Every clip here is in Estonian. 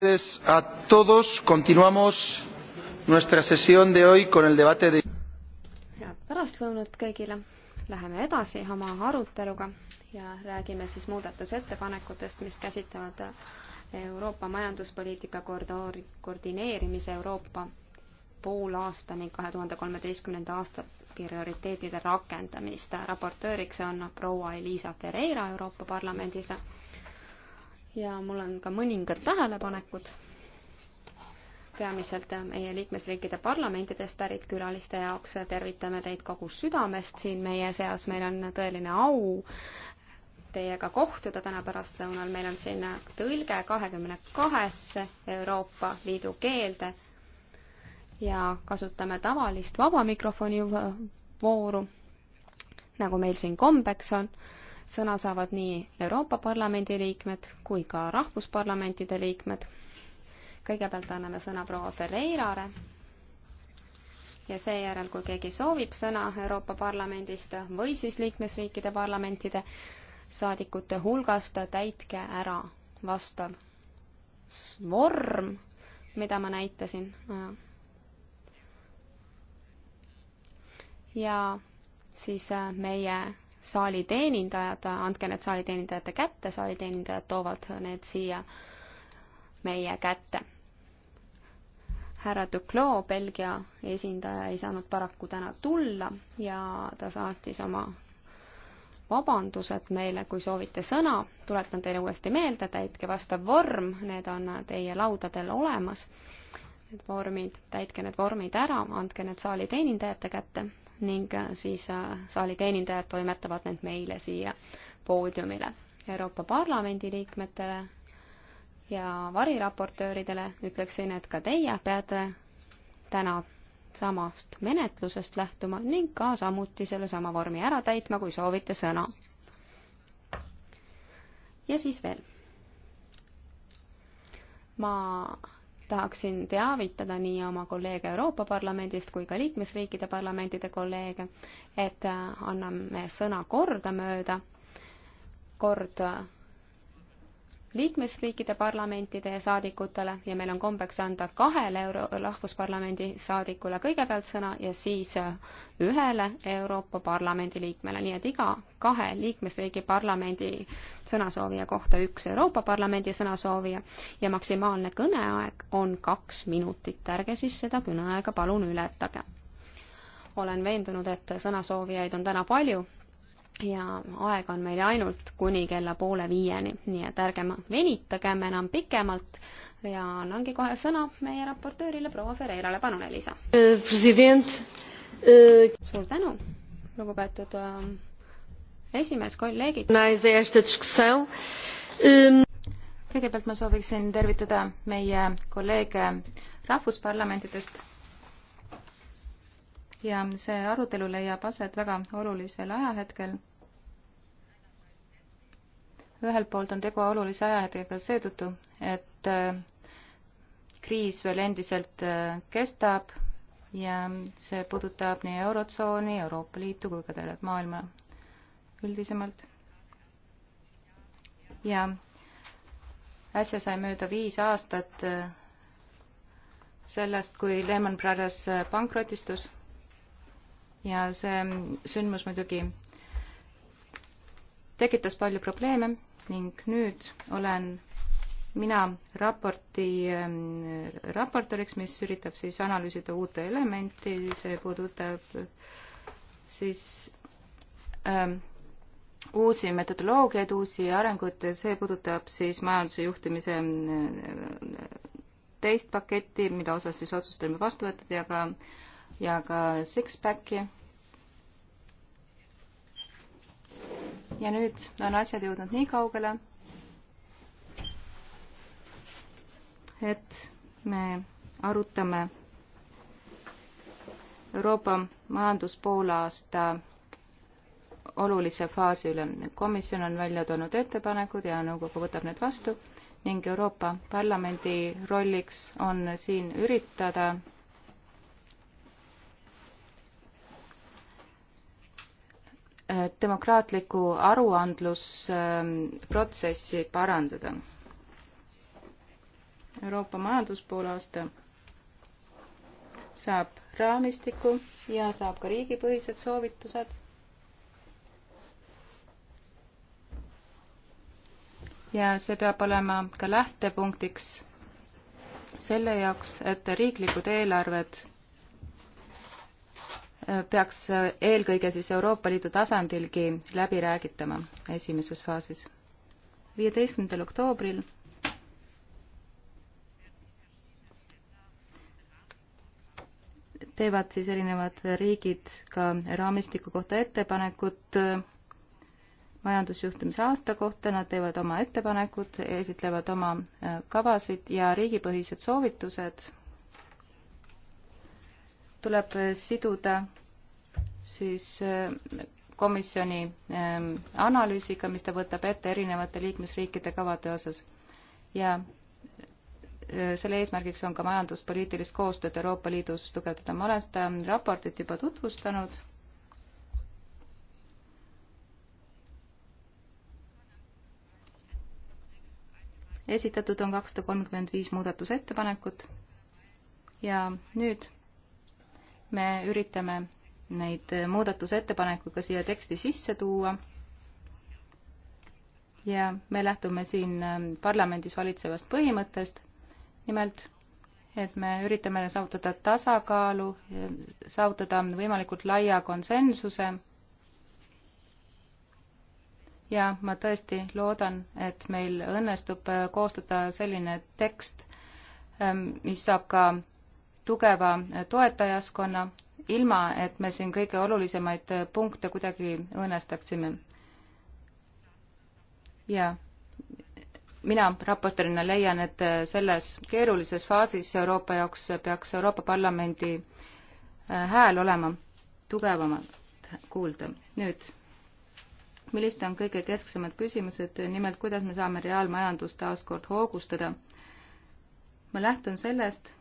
tardes a todos. Continuamos nuestra sesión de hoy con el debate de. head pärastlõunat kõigile. Läheme edasi oma aruteluga ja räägime siis muudatusettepanekutest, mis käsitlevad Euroopa majanduspoliitika koordineerimise Euroopa poolaasta ning kahe tuhande kolmeteistkümnenda aasta prioriteetide rakendamist. raportööriks on proua Elisa Ferreira Euroopa Parlamendis ja mul on ka mõningad tähelepanekud peamiselt äh, meie liikmesriikide parlamentidest pärit külaliste jaoks. tervitame teid kogu südamest siin meie seas, meil on tõeline au teiega kohtuda täna pärastlõunal, meil on siin tõlge kahekümne kahesse Euroopa Liidu keelde ja kasutame tavalist vaba mikrofoni vooru, nagu meil siin kombeks on sõna saavad nii Euroopa Parlamendi liikmed kui ka rahvusparlamentide liikmed. kõigepealt anname sõna proua Ferreirale ja seejärel, kui keegi soovib sõna Euroopa Parlamendist või siis liikmesriikide parlamentide saadikute hulgast, täitke ära vastav vorm, mida ma näitasin. ja siis meie saali teenindajad, andke need saali teenindajate kätte, saali teenindajad toovad need siia meie kätte. härra Duclos, Belgia esindaja, ei saanud paraku täna tulla ja ta saatis oma vabandused meile, kui soovite sõna, tuletan teile uuesti meelde, täitke vastav vorm, need on teie laudadel olemas. Need vormid, täitke need vormid ära, andke need saali teenindajate kätte ning äh, siis äh, saali teenindajad toimetavad need meile siia poodiumile. Euroopa Parlamendi liikmetele ja variraportööridele ütleksin, et ka teie peate täna samast menetlusest lähtuma ning ka samuti sellesama vormi ära täitma, kui soovite sõna. ja siis veel. ma tahaksin teavitada nii oma kolleege Euroopa Parlamendist kui ka liikmesriikide parlamentide kolleege, et anname sõna kordamööda, kord liikmesriikide parlamentide saadikutele ja meil on kombeks anda kahele euro-, rahvusparlamendi saadikule kõigepealt sõna ja siis ühele Euroopa Parlamendi liikmele, nii et iga kahe liikmesriigi parlamendi sõnasoovija kohta üks Euroopa Parlamendi sõnasoovija ja maksimaalne kõneaeg on kaks minutit, ärge siis seda kõneaega palun ületage. olen veendunud, et sõnasoovijaid on täna palju ja aega on meil ainult kuni kella poole viieni, nii et ärgem venitagem enam pikemalt ja annangi kohe sõna meie raportöörile proua Ferreirale, palun Elisa. president. Äh, suur tänu, lugupeetud äh, esimees, kolleegid. kõigepealt ma sooviksin tervitada meie kolleege rahvusparlamentidest ja see arutelu leiab aset väga olulisel ajahetkel. ühelt poolt on tegu olulise ajahetkega seetõttu, et äh, kriis veel endiselt äh, kestab ja see puudutab nii Eurotsooni, Euroopa Liitu kui ka tervet maailma üldisemalt. ja äsja sai mööda viis aastat äh, sellest, kui Lehman Brothers pankrotistus ja see sündmus muidugi tekitas palju probleeme ning nüüd olen mina raporti ähm, raportoriks, mis üritab siis analüüsida uute elementi, see puudutab siis ähm, uusi metodoloogiaid, uusi arenguid, see puudutab siis majanduse juhtimise ähm, teist paketti, mille osas siis otsused olime vastu võetud ja ka äh, ja ka six-packi. ja nüüd on asjad jõudnud nii kaugele, et me arutame Euroopa majanduspoolaasta olulise faasi üle. komisjon on välja toonud ettepanekud ja nõukogu võtab need vastu ning Euroopa Parlamendi rolliks on siin üritada Äh, demokraatlikku aruandlusprotsessi parandada. Euroopa majanduspoolaasta saab raamistiku ja saab ka riigipõhised soovitused. ja see peab olema ka lähtepunktiks selle jaoks, et riiklikud eelarved peaks eelkõige siis Euroopa Liidu tasandilgi läbi räägitama esimeses faasis. viieteistkümnendal oktoobril teevad siis erinevad riigid ka raamistiku kohta ettepanekud majandusjuhtimise aasta kohta, nad teevad oma ettepanekud, esitlevad oma kavasid ja riigipõhised soovitused tuleb äh, siduda siis äh, komisjoni ähm, analüüsiga, mis ta võtab ette erinevate liikmesriikide kavade osas. ja äh, selle eesmärgiks on ka majanduspoliitilist koostööd Euroopa Liidus tugevdada. ma olen seda raportit juba tutvustanud. esitatud on kakssada kolmkümmend viis muudatusettepanekut ja nüüd me üritame neid muudatusettepanekuid ka siia teksti sisse tuua ja me lähtume siin ähm, parlamendis valitsevast põhimõttest, nimelt et me üritame saavutada tasakaalu, saavutada võimalikult laia konsensuse ja ma tõesti loodan, et meil õnnestub äh, koostada selline tekst, ähm, mis saab ka tugeva toetajaskonna, ilma et me siin kõige olulisemaid punkte kuidagi õõnestaksime. ja mina raportorina leian, et selles keerulises faasis Euroopa jaoks peaks Euroopa Parlamendi äh, hääl olema tugevamalt kuulda. nüüd millised on kõige kesksemad küsimused, nimelt kuidas me saame reaalmajandust taas kord hoogustada. ma lähtun sellest,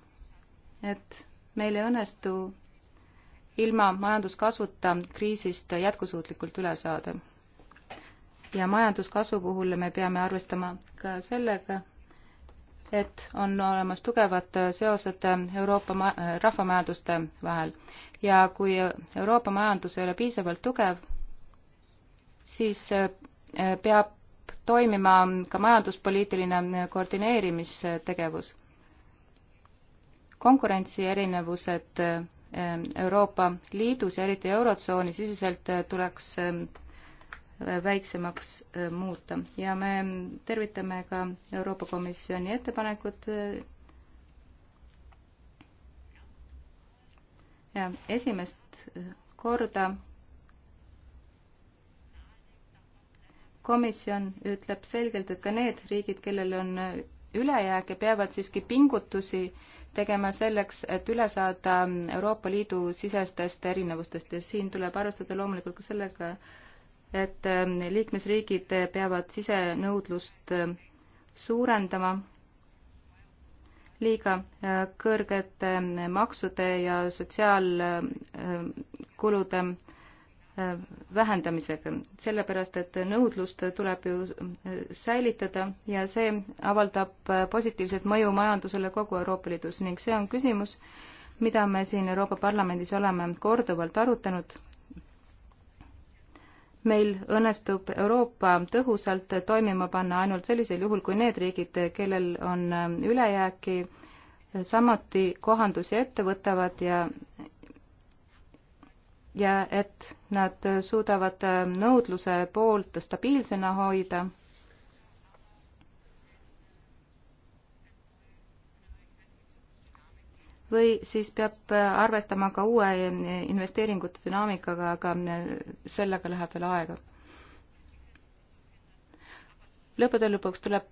et meil ei õnnestu ilma majanduskasvuta kriisist jätkusuutlikult üle saada. ja majanduskasvu puhul me peame arvestama ka sellega, et on olemas tugevad seosed Euroopa ma-, rahvamajanduste vahel. ja kui Euroopa majandus ei ole piisavalt tugev, siis eh, peab toimima ka majanduspoliitiline koordineerimistegevus konkurentsierinevused ehm, Euroopa Liidus ja eriti Eurotsooni siseselt eh, tuleks ehm, väiksemaks eh, muuta ja me tervitame ka Euroopa Komisjoni ettepanekut eh, ja esimest korda komisjon ütleb selgelt, et ka need riigid, kellel on ülejääke, peavad siiski pingutusi äh, tegema selleks, et üle saada Euroopa Liidu sisestest erinevustest ja siin tuleb arvestada loomulikult ka sellega, et ähm, liikmesriigid peavad sisenõudlust ähm, suurendama liiga äh, kõrgete ähm, maksude ja sotsiaalkulude vähendamisega, sellepärast et nõudlust tuleb ju äh, säilitada ja see avaldab äh, positiivset mõju majandusele kogu Euroopa Liidus ning see on küsimus, mida me siin Euroopa Parlamendis oleme korduvalt arutanud. meil õnnestub Euroopa tõhusalt toimima panna ainult sellisel juhul, kui need riigid, kellel on äh, ülejääki, samuti kohandusi ette võtavad ja, ja et nad suudavad äh, nõudluse poolt stabiilsena hoida. või siis peab äh, arvestama ka uue äh, investeeringute dünaamikaga, aga sellega läheb veel aega lõppude lõpuks tuleb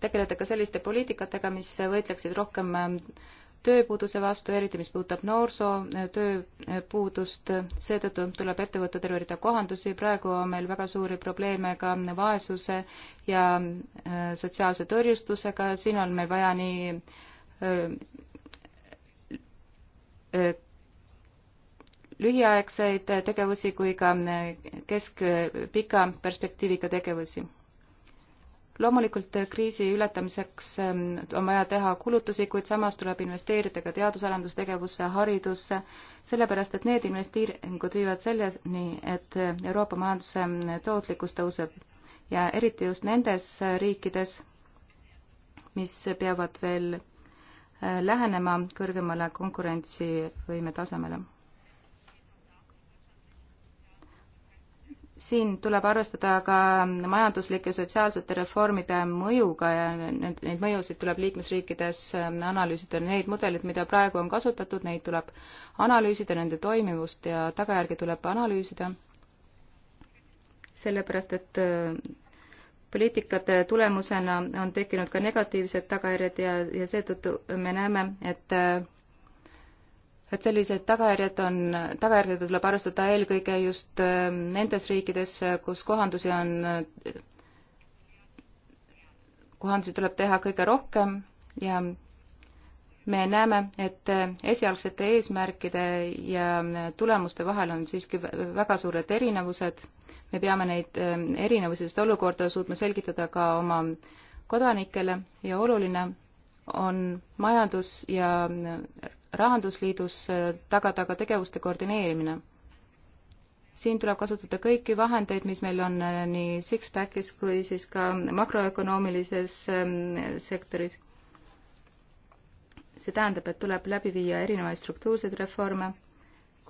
tegeleda ka selliste poliitikatega, mis võitleksid rohkem tööpuuduse vastu, eriti mis puudutab noorsoo äh, tööpuudust, seetõttu tuleb ette võtta terve rida kohandusi, praegu on meil väga suuri probleeme ka vaesuse ja äh, sotsiaalse tõrjustusega, siin on meil vaja nii äh, lühiaegseid tegevusi kui ka keskpika perspektiiviga tegevusi loomulikult eh, kriisi ületamiseks ehm, on vaja teha kulutusi, kuid samas tuleb investeerida ka teadus-arendustegevusse, haridusse, sellepärast et need investeeringud viivad selleni, et eh, Euroopa majanduse ehm, tootlikkus tõuseb ja eriti just nendes eh, riikides, mis peavad veel lähenema kõrgemale konkurentsivõime tasemele siin tuleb arvestada ka majanduslike sotsiaalsete reformide mõjuga ja need, neid mõjusid tuleb liikmesriikides ähm, analüüsida. Neid mudeleid, mida praegu on kasutatud, neid tuleb analüüsida, nende toimivust ja tagajärgi tuleb analüüsida. sellepärast, et äh, poliitikate tulemusena on tekkinud ka negatiivsed tagajärjed ja, ja seetõttu me näeme, et äh, et sellised tagajärjed on, tagajärgedega tuleb arvestada eelkõige just ähm, nendes riikides, kus kohandusi on, kohandusi tuleb teha kõige rohkem ja me näeme, et esialgsete eesmärkide ja tulemuste vahel on siiski väga suured erinevused. me peame neid ähm, erinevusi, seda olukorda suutma selgitada ka oma kodanikele ja oluline on majandus- ja Rahandusliidus äh, tagada ka tegevuste koordineerimine. siin tuleb kasutada kõiki vahendeid, mis meil on äh, nii six-pack'is kui siis ka makroökonoomilises ähm, sektoris. see tähendab, et tuleb läbi viia erinevaid struktuurseid reforme,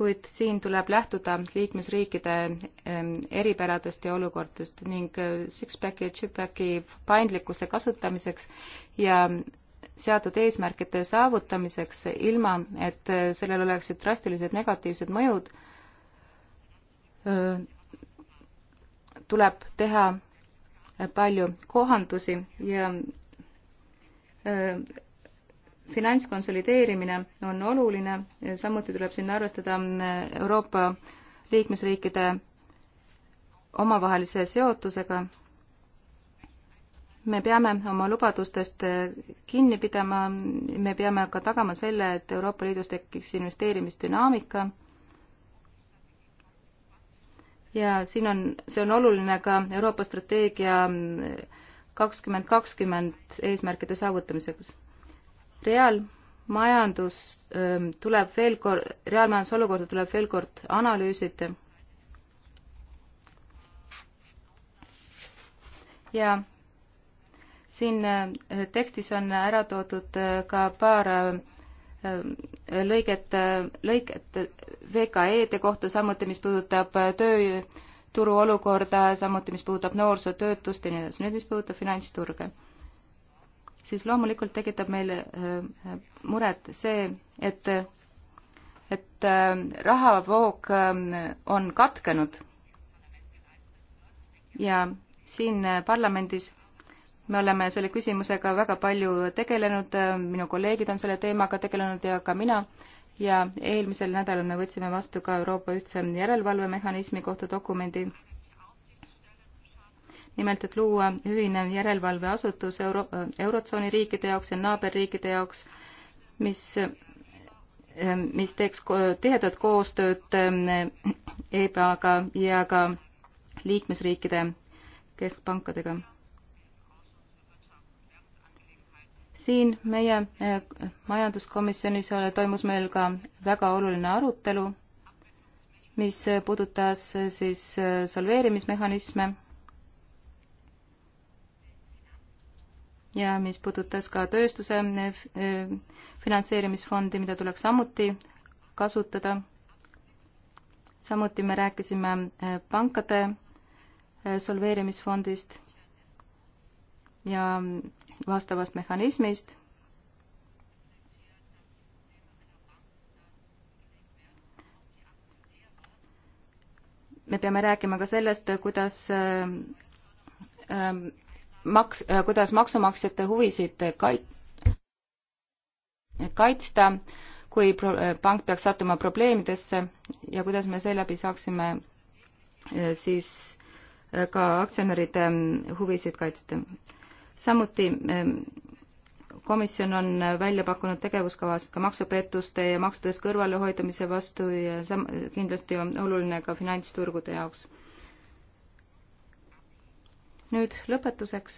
kuid siin tuleb lähtuda liikmesriikide ähm, eripäradest ja olukordadest ning äh, six-pack'i ja two-pack'i paindlikkuse kasutamiseks ja seatud eesmärkide saavutamiseks, ilma et sellel oleksid drastilised negatiivsed mõjud, tuleb teha palju kohandusi ja finantskonsolideerimine on oluline, samuti tuleb siin arvestada Euroopa liikmesriikide omavahelise seotusega me peame oma lubadustest kinni pidama, me peame ka tagama selle, et Euroopa Liidus tekiks investeerimisdünaamika. ja siin on, see on oluline ka Euroopa strateegia kakskümmend kakskümmend eesmärkide saavutamiseks. reaalmajandus ähm, tuleb veel kord, reaalmajanduse olukorda tuleb veel kord analüüsida. ja siin äh, tekstis on ära toodud äh, ka paar äh, lõiget, lõiget VKE-de kohta, samuti mis puudutab tööturu olukorda, samuti mis puudutab noorsootöötust ja nii edasi. nüüd, mis puudutab finantsturge, siis loomulikult tekitab meile muret see, et, et rahavoog on katkenud ja siin parlamendis me oleme selle küsimusega väga palju tegelenud, minu kolleegid on selle teemaga tegelenud ja ka mina ja eelmisel nädalal me võtsime vastu ka Euroopa ühtse järelevalvemehhanismi kohta dokumendi. nimelt, et luua ühine järelevalveasutus euro, Eurotsooni riikide jaoks ja naaberriikide jaoks, mis, mis teeks tihedat koostööd ähm, EBA-ga ja ka liikmesriikide keskpankadega siin meie eh, majanduskomisjonis toimus meil ka väga oluline arutelu, mis puudutas eh, siis eh, solveerimismehhanisme ja mis puudutas ka tööstuse finantseerimisfondi, mida tuleks samuti kasutada. samuti me rääkisime pankade solveerimisfondist ja vastavast mehhanismist. me peame rääkima ka sellest, kuidas ähm, maks, äh, kuidas maksumaksjate huvisid kait-, kaitsta, kui pro-, pank peaks sattuma probleemidesse ja kuidas me seeläbi saaksime äh, siis äh, ka aktsionäride ähm, huvisid kaitsta samuti ähm, komisjon on välja pakkunud tegevuskavas ka maksupettuste ja maksudest kõrvalehoidumise vastu ja sam-, kindlasti on oluline ka finantsturgude jaoks. nüüd lõpetuseks.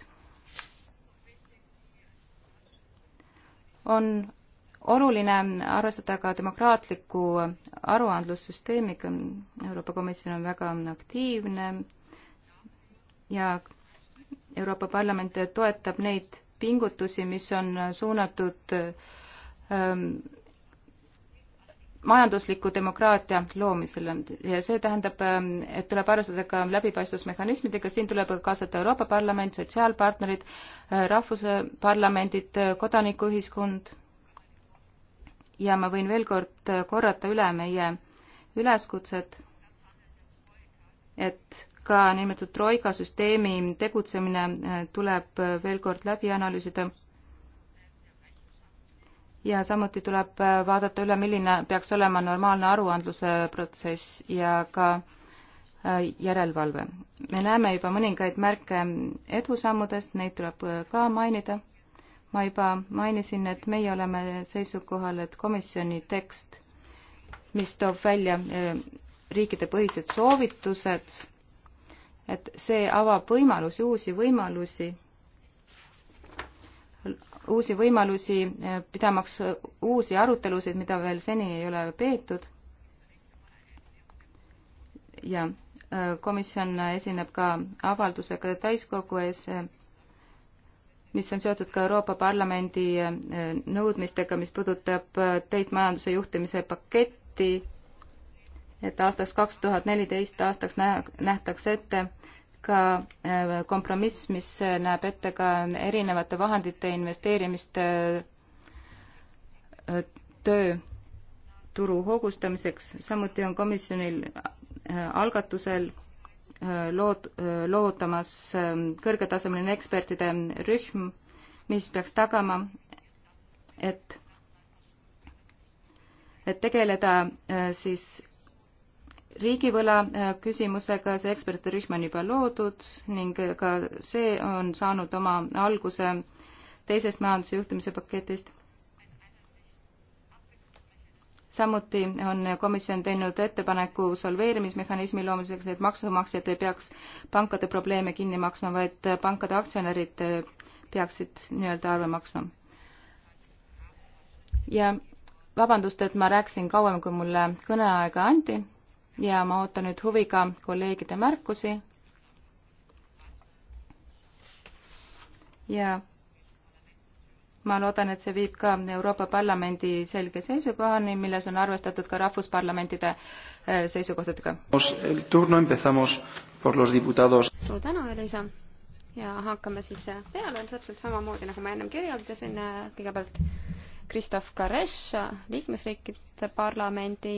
on oluline arvestada ka demokraatliku aruandlussüsteemiga, Euroopa Komisjon on väga aktiivne ja Euroopa Parlament toetab neid pingutusi, mis on suunatud ähm, majandusliku demokraatia loomisele ja see tähendab, ähm, et tuleb arvestada ka läbipaistvusmehhanismidega, siin tuleb kaasata Euroopa Parlament, sotsiaalpartnerid, äh, rahvusparlamendid, äh, kodanikuühiskond ja ma võin veel kord äh, korrata üle meie üleskutsed, et ka niinimetatud troika süsteemi tegutsemine äh, tuleb äh, veel kord läbi analüüsida. ja samuti tuleb äh, vaadata üle, milline peaks olema normaalne aruandluse protsess ja ka järelevalve. me näeme juba mõningaid märke edusammudest, neid tuleb ka mainida. ma juba mainisin, et meie oleme seisukohal, et komisjoni tekst, mis toob välja riikidepõhised soovitused et see avab võimalusi, uusi võimalusi, uusi võimalusi, eh, pidamaks uusi arutelusid, mida veel seni ei ole peetud. ja eh, komisjon esineb ka avaldusega täiskogu ees, eh, mis on seotud ka Euroopa Parlamendi nõudmistega, mis puudutab teist majanduse juhtimise paketti, et aastaks kaks tuhat neliteist aastaks nähtakse ette ka äh, kompromiss, mis näeb ette ka erinevate vahendite investeerimist äh, tööturu hoogustamiseks, samuti on komisjonil äh, algatusel lood, loodamas kõrgetasemeline ekspertide rühm, mis peaks tagama, et, et tegeleda siis riigivõla äh, küsimusega see eksperdirühm on juba loodud ning äh, ka see on saanud oma alguse teisest majanduse juhtimise paketist. samuti on komisjon teinud ettepaneku solveerimismehhanismi loomiseks, et maksumaksjad ei peaks pankade probleeme kinni maksma, vaid pankade aktsionärid äh, peaksid nii-öelda arve maksma. ja vabandust, et ma rääkisin kauem, kui mulle kõneaega anti ja ma ootan nüüd huviga kolleegide märkusi. ja ma loodan, et see viib ka Euroopa Parlamendi selge seisukohani, milles on arvestatud ka rahvusparlamentide eh, seisukohtadega. suur tänu, Elisa! ja hakkame siis eh, peale, täpselt samamoodi, nagu ma ennem kirjeldasin, eh, kõigepealt Kristof Karesh liikmesriikide parlamendi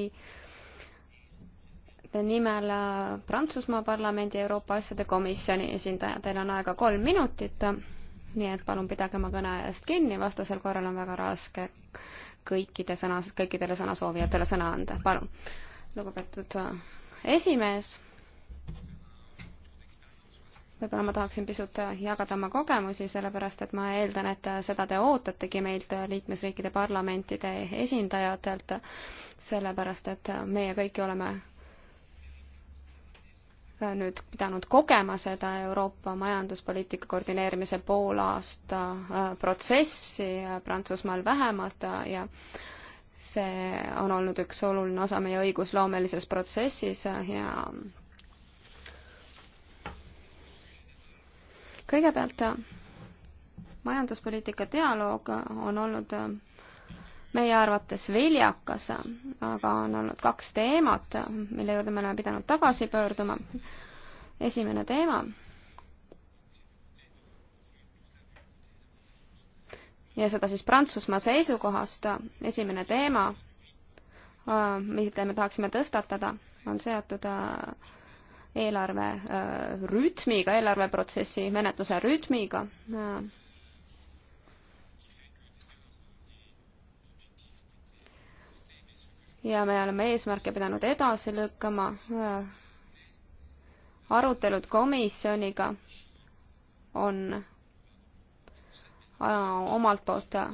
nimel äh, Prantsusmaa parlamendi Euroopa asjade komisjoni esindaja, teil on aega kolm minutit, nii et palun pidage oma kõne eest kinni, vastasel korral on väga raske kõikide sõna, kõikidele sõnasoovijatele sõna anda, palun. lugupeetud äh, esimees, võib-olla ma tahaksin pisut äh, jagada oma kogemusi, sellepärast et ma eeldan, et seda te ootategi meilt, liikmesriikide parlamentide esindajatelt, sellepärast et meie kõik oleme nüüd pidanud kogema seda Euroopa majanduspoliitika koordineerimise poolaasta äh, protsessi, äh, Prantsusmaal vähemalt äh, ja see on olnud üks oluline osa meie õigusloomelises protsessis ja kõigepealt majanduspoliitika dialoog on olnud meie arvates viljakas, aga on olnud kaks teemat, mille juurde me oleme pidanud tagasi pöörduma. esimene teema. ja seda siis Prantsusmaa seisukohast. esimene teema, mida me tahaksime tõstatada, on seotud äh, eelarve äh, rütmiga, eelarveprotsessi menetluse rütmiga äh, ja me oleme eesmärke pidanud edasi lükkama. Äh, arutelud komisjoniga on äh, omalt poolt äh,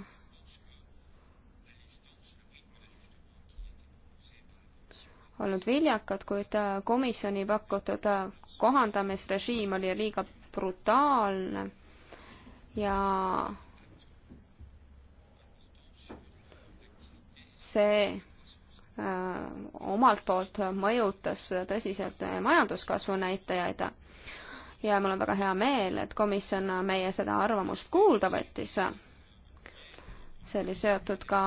olnud viljakad, kuid komisjoni pakutud kohandamisrežiim oli liiga brutaalne ja see Äh, omalt poolt mõjutas tõsiselt majanduskasvu näitajaid ja mul on väga hea meel, et komisjon meie seda arvamust kuulda võttis. see oli seotud ka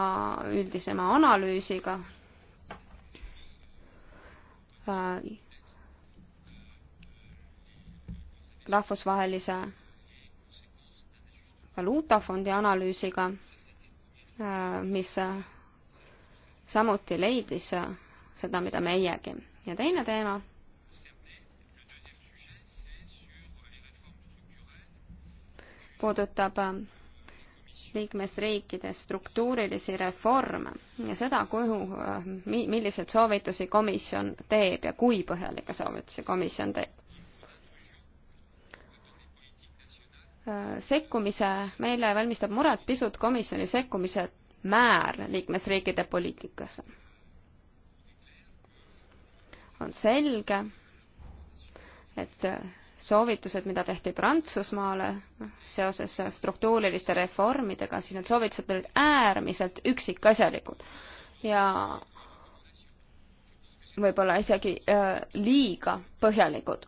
üldisema analüüsiga. Äh, rahvusvahelise valuutafondi analüüsiga, äh, mis samuti leidis seda, mida meiegi. ja teine teema puudutab äh, liikmesriikide struktuurilisi reforme ja seda, kuhu, äh, milliseid soovitusi komisjon teeb ja kui põhjalikke soovitusi komisjon teeb. Äh, sekkumise, meile valmistab muret pisut komisjoni sekkumise määr liikmesriikide poliitikasse. on selge, et soovitused, mida tehti Prantsusmaale seoses struktuuriliste reformidega, siis need soovitused olid äärmiselt üksikasjalikud ja võib-olla isegi äh, liiga põhjalikud.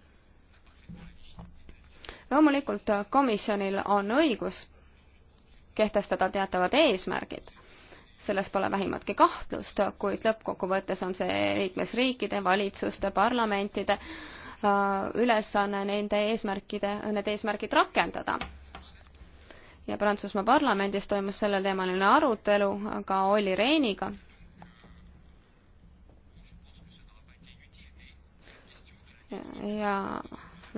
loomulikult komisjonil on õigus kehtestada teatavad eesmärgid selles pole vähimatki kahtlust, kuid lõppkokkuvõttes on see liikmesriikide, valitsuste, parlamentide äh, ülesanne nende eesmärkide, need eesmärgid rakendada. ja Prantsusmaa parlamendis toimus sellel teemaline arutelu ka Olli Rehniga. ja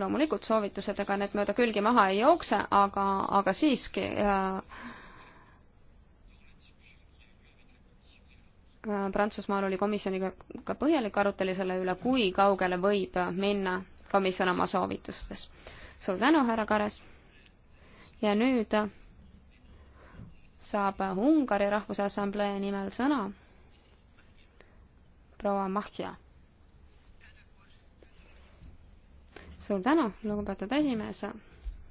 loomulikult soovitused, ega need mööda külgi maha ei jookse, aga, aga siiski äh, äh, Prantsusmaal oli komisjoniga ka põhjalik arutelu selle üle, kui kaugele võib minna komisjon oma soovitustes. suur tänu, härra Kares. ja nüüd saab Ungari Rahvusassamblee nimel sõna proua Mahja suur tänu, lugupeetud esimees,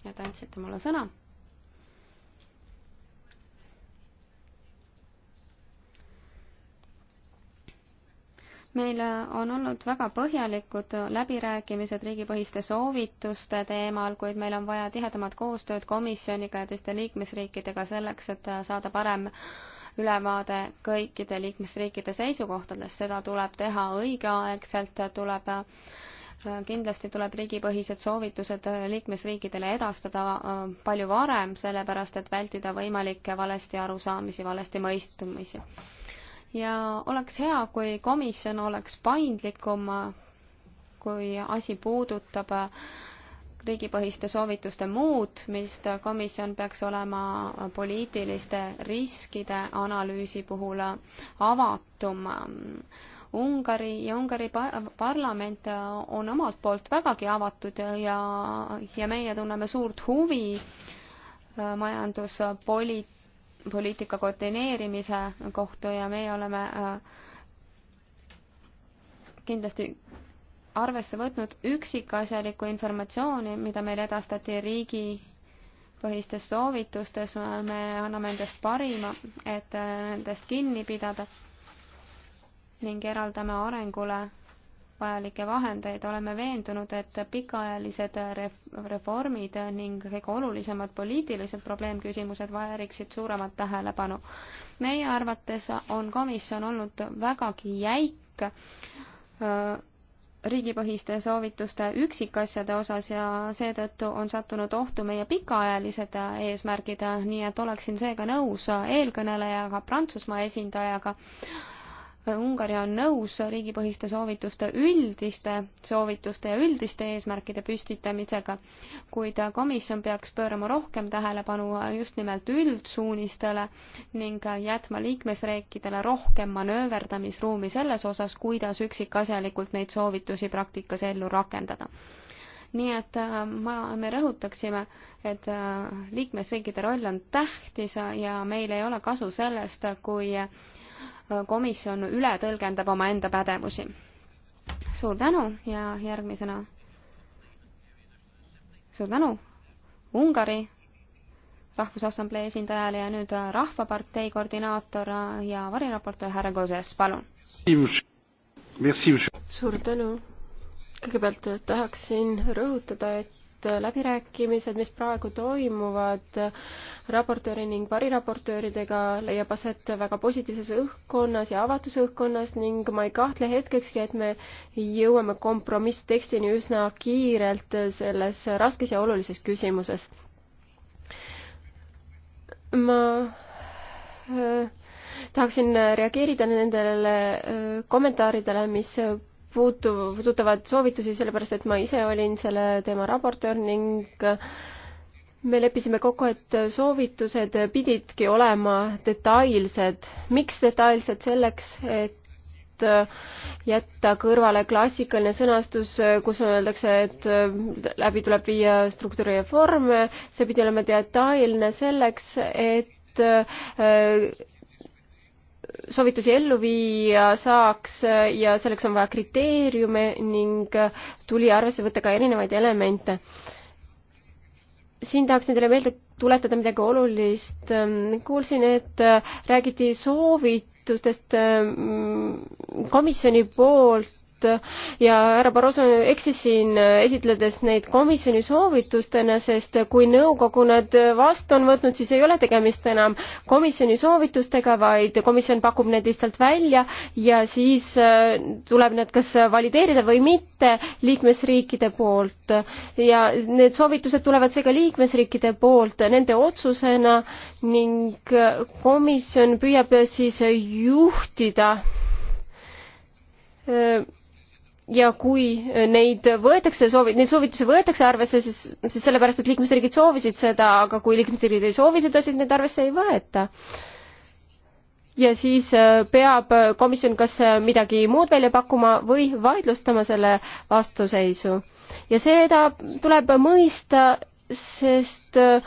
et andsite mulle sõna. meil on olnud väga põhjalikud läbirääkimised riigipõhiste soovituste teemal, kuid meil on vaja tihedamat koostööd komisjoniga ja teiste liikmesriikidega selleks, et saada parem ülevaade kõikide liikmesriikide seisukohtadest, seda tuleb teha õigeaegselt, tuleb kindlasti tuleb riigipõhised soovitused liikmesriikidele edastada äh, palju varem, sellepärast et vältida võimalikke valesti arusaamisi, valesti mõistumisi. ja oleks hea, kui komisjon oleks paindlikum, kui asi puudutab äh, riigipõhiste soovituste muutmist, komisjon peaks olema äh, poliitiliste riskide analüüsi puhul avatum Ungari ja Ungari parlament äh, on omalt poolt vägagi avatud ja, ja meie tunneme suurt huvi äh, majanduspoliitika koordineerimise kohta ja meie oleme äh, kindlasti arvesse võtnud üksikasjalikku informatsiooni, mida meile edastati riigi põhistest soovitustes me anname endast parima, et nendest kinni pidada ning eraldame arengule vajalikke vahendeid, oleme veendunud, et pikaajalised reformid ning kõige olulisemad poliitilised probleemküsimused vääriksid suuremat tähelepanu. meie arvates on komisjon olnud vägagi jäik äh, riigipõhiste soovituste üksikasjade osas ja seetõttu on sattunud ohtu meie pikaajalised eesmärgid, nii et oleksin seega nõus eelkõnelejaga, Prantsusmaa esindajaga, Ungari on nõus riigipõhiste soovituste üldiste soovituste ja üldiste eesmärkide püstitamisega, kuid komisjon peaks pöörama rohkem tähelepanu just nimelt üldsuunistele ning jätma liikmesriikidele rohkem manööverdamisruumi selles osas, kuidas üksikasjalikult neid soovitusi praktikas ellu rakendada nii et äh, ma, me rõhutaksime, et äh, liikmesriikide roll on tähtis ja meil ei ole kasu sellest, kui komisjon üle tõlgendab omaenda pädevusi. suur tänu ja järgmisena suur tänu Ungari Rahvusassamblee esindajale ja nüüd Rahvapartei koordinaator ja variraportöör härra Gozes, palun. suur tänu. kõigepealt tahaksin rõhutada, et et läbirääkimised, mis praegu toimuvad raportööri ning variraportööridega, leiab aset väga positiivses õhkkonnas ja avatus õhkkonnas ning ma ei kahtle hetkekski, et me jõuame kompromisstekstini üsna kiirelt selles raskes ja olulises küsimuses. ma äh, tahaksin reageerida nendele äh, kommentaaridele, mis puutu-, puudutavad soovitusi, sellepärast et ma ise olin selle teema raportöör ning me leppisime kokku, et soovitused pididki olema detailsed. miks detailsed? selleks, et jätta kõrvale klassikaline sõnastus, kus öeldakse, et läbi tuleb viia struktuurireforme, see pidi olema detailne selleks, et soovitusi ellu viia saaks ja selleks on vaja kriteeriume ning tuli arvesse võtta ka erinevaid elemente. siin tahaks nendele meelde tuletada midagi olulist. Ähm, kuulsin, et äh, räägiti soovitustest ähm, komisjoni poolt poolt ja härra Barroso eksis siin äh, esitledes neid komisjoni soovitustena, sest kui nõukogu nad äh, vastu on võtnud, siis ei ole tegemist enam komisjoni soovitustega, vaid komisjon pakub need lihtsalt välja ja siis äh, tuleb need kas valideerida või mitte liikmesriikide poolt. ja need soovitused tulevad seega liikmesriikide poolt nende otsusena ning komisjon püüab siis juhtida ja kui neid võetakse, soovi-, neid soovitusi võetakse arvesse, siis, siis sellepärast, et liikmesriigid soovisid seda, aga kui liikmesriigid ei soovi seda, siis neid arvesse ei võeta. ja siis äh, peab komisjon kas äh, midagi muud välja pakkuma või vaidlustama selle vastuseisu. ja seda tuleb mõista, sest äh,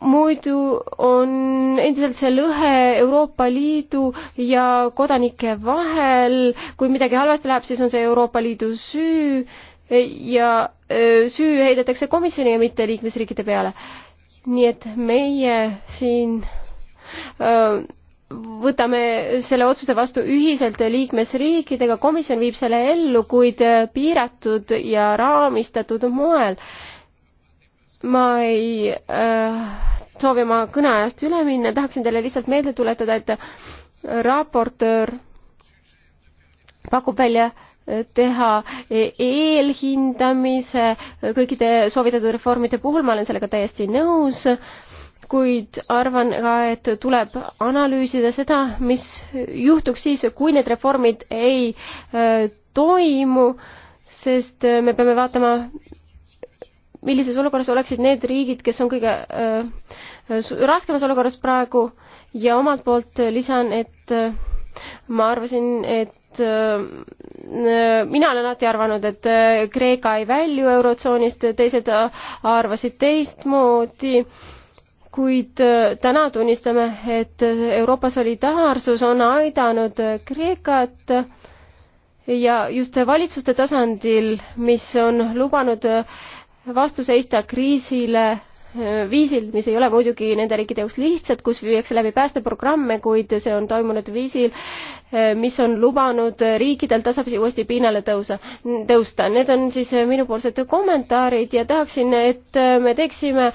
muidu on endiselt see lõhe Euroopa Liidu ja kodanike vahel, kui midagi halvasti läheb, siis on see Euroopa Liidu süü ja süü heidetakse komisjoni ja mitte liikmesriikide peale. nii et meie siin öö, võtame selle otsuse vastu ühiselt liikmesriikidega, komisjon viib selle ellu, kuid piiratud ja raamistatud moel ma ei äh, soovi oma kõneajast üle minna, tahaksin teile lihtsalt meelde tuletada, et raportöör pakub välja äh, teha e-, eelhindamise kõikide soovitatud reformide puhul, ma olen sellega täiesti nõus, kuid arvan ka, et tuleb analüüsida seda, mis juhtuks siis, kui need reformid ei äh, toimu sest äh, me peame vaatama, millises olukorras oleksid need riigid, kes on kõige äh, raskemas olukorras praegu ja omalt poolt lisan, et äh, ma arvasin, et äh, mina olen alati arvanud, et äh, Kreeka ei välju Eurotsoonist, teised arvasid teistmoodi, kuid äh, täna tunnistame, et Euroopa solidaarsus on aidanud Kreekat äh, ja just valitsuste tasandil, mis on lubanud äh, vastu seista kriisile eh, viisil, mis ei ole muidugi nende riikide jaoks lihtsad, kus viiakse läbi päästeprogramme, kuid see on toimunud viisil, eh, mis on lubanud riikidel tasapisi uuesti piinale tõusa, tõusta. Need on siis eh, minupoolsed kommentaarid ja tahaksin, et me teeksime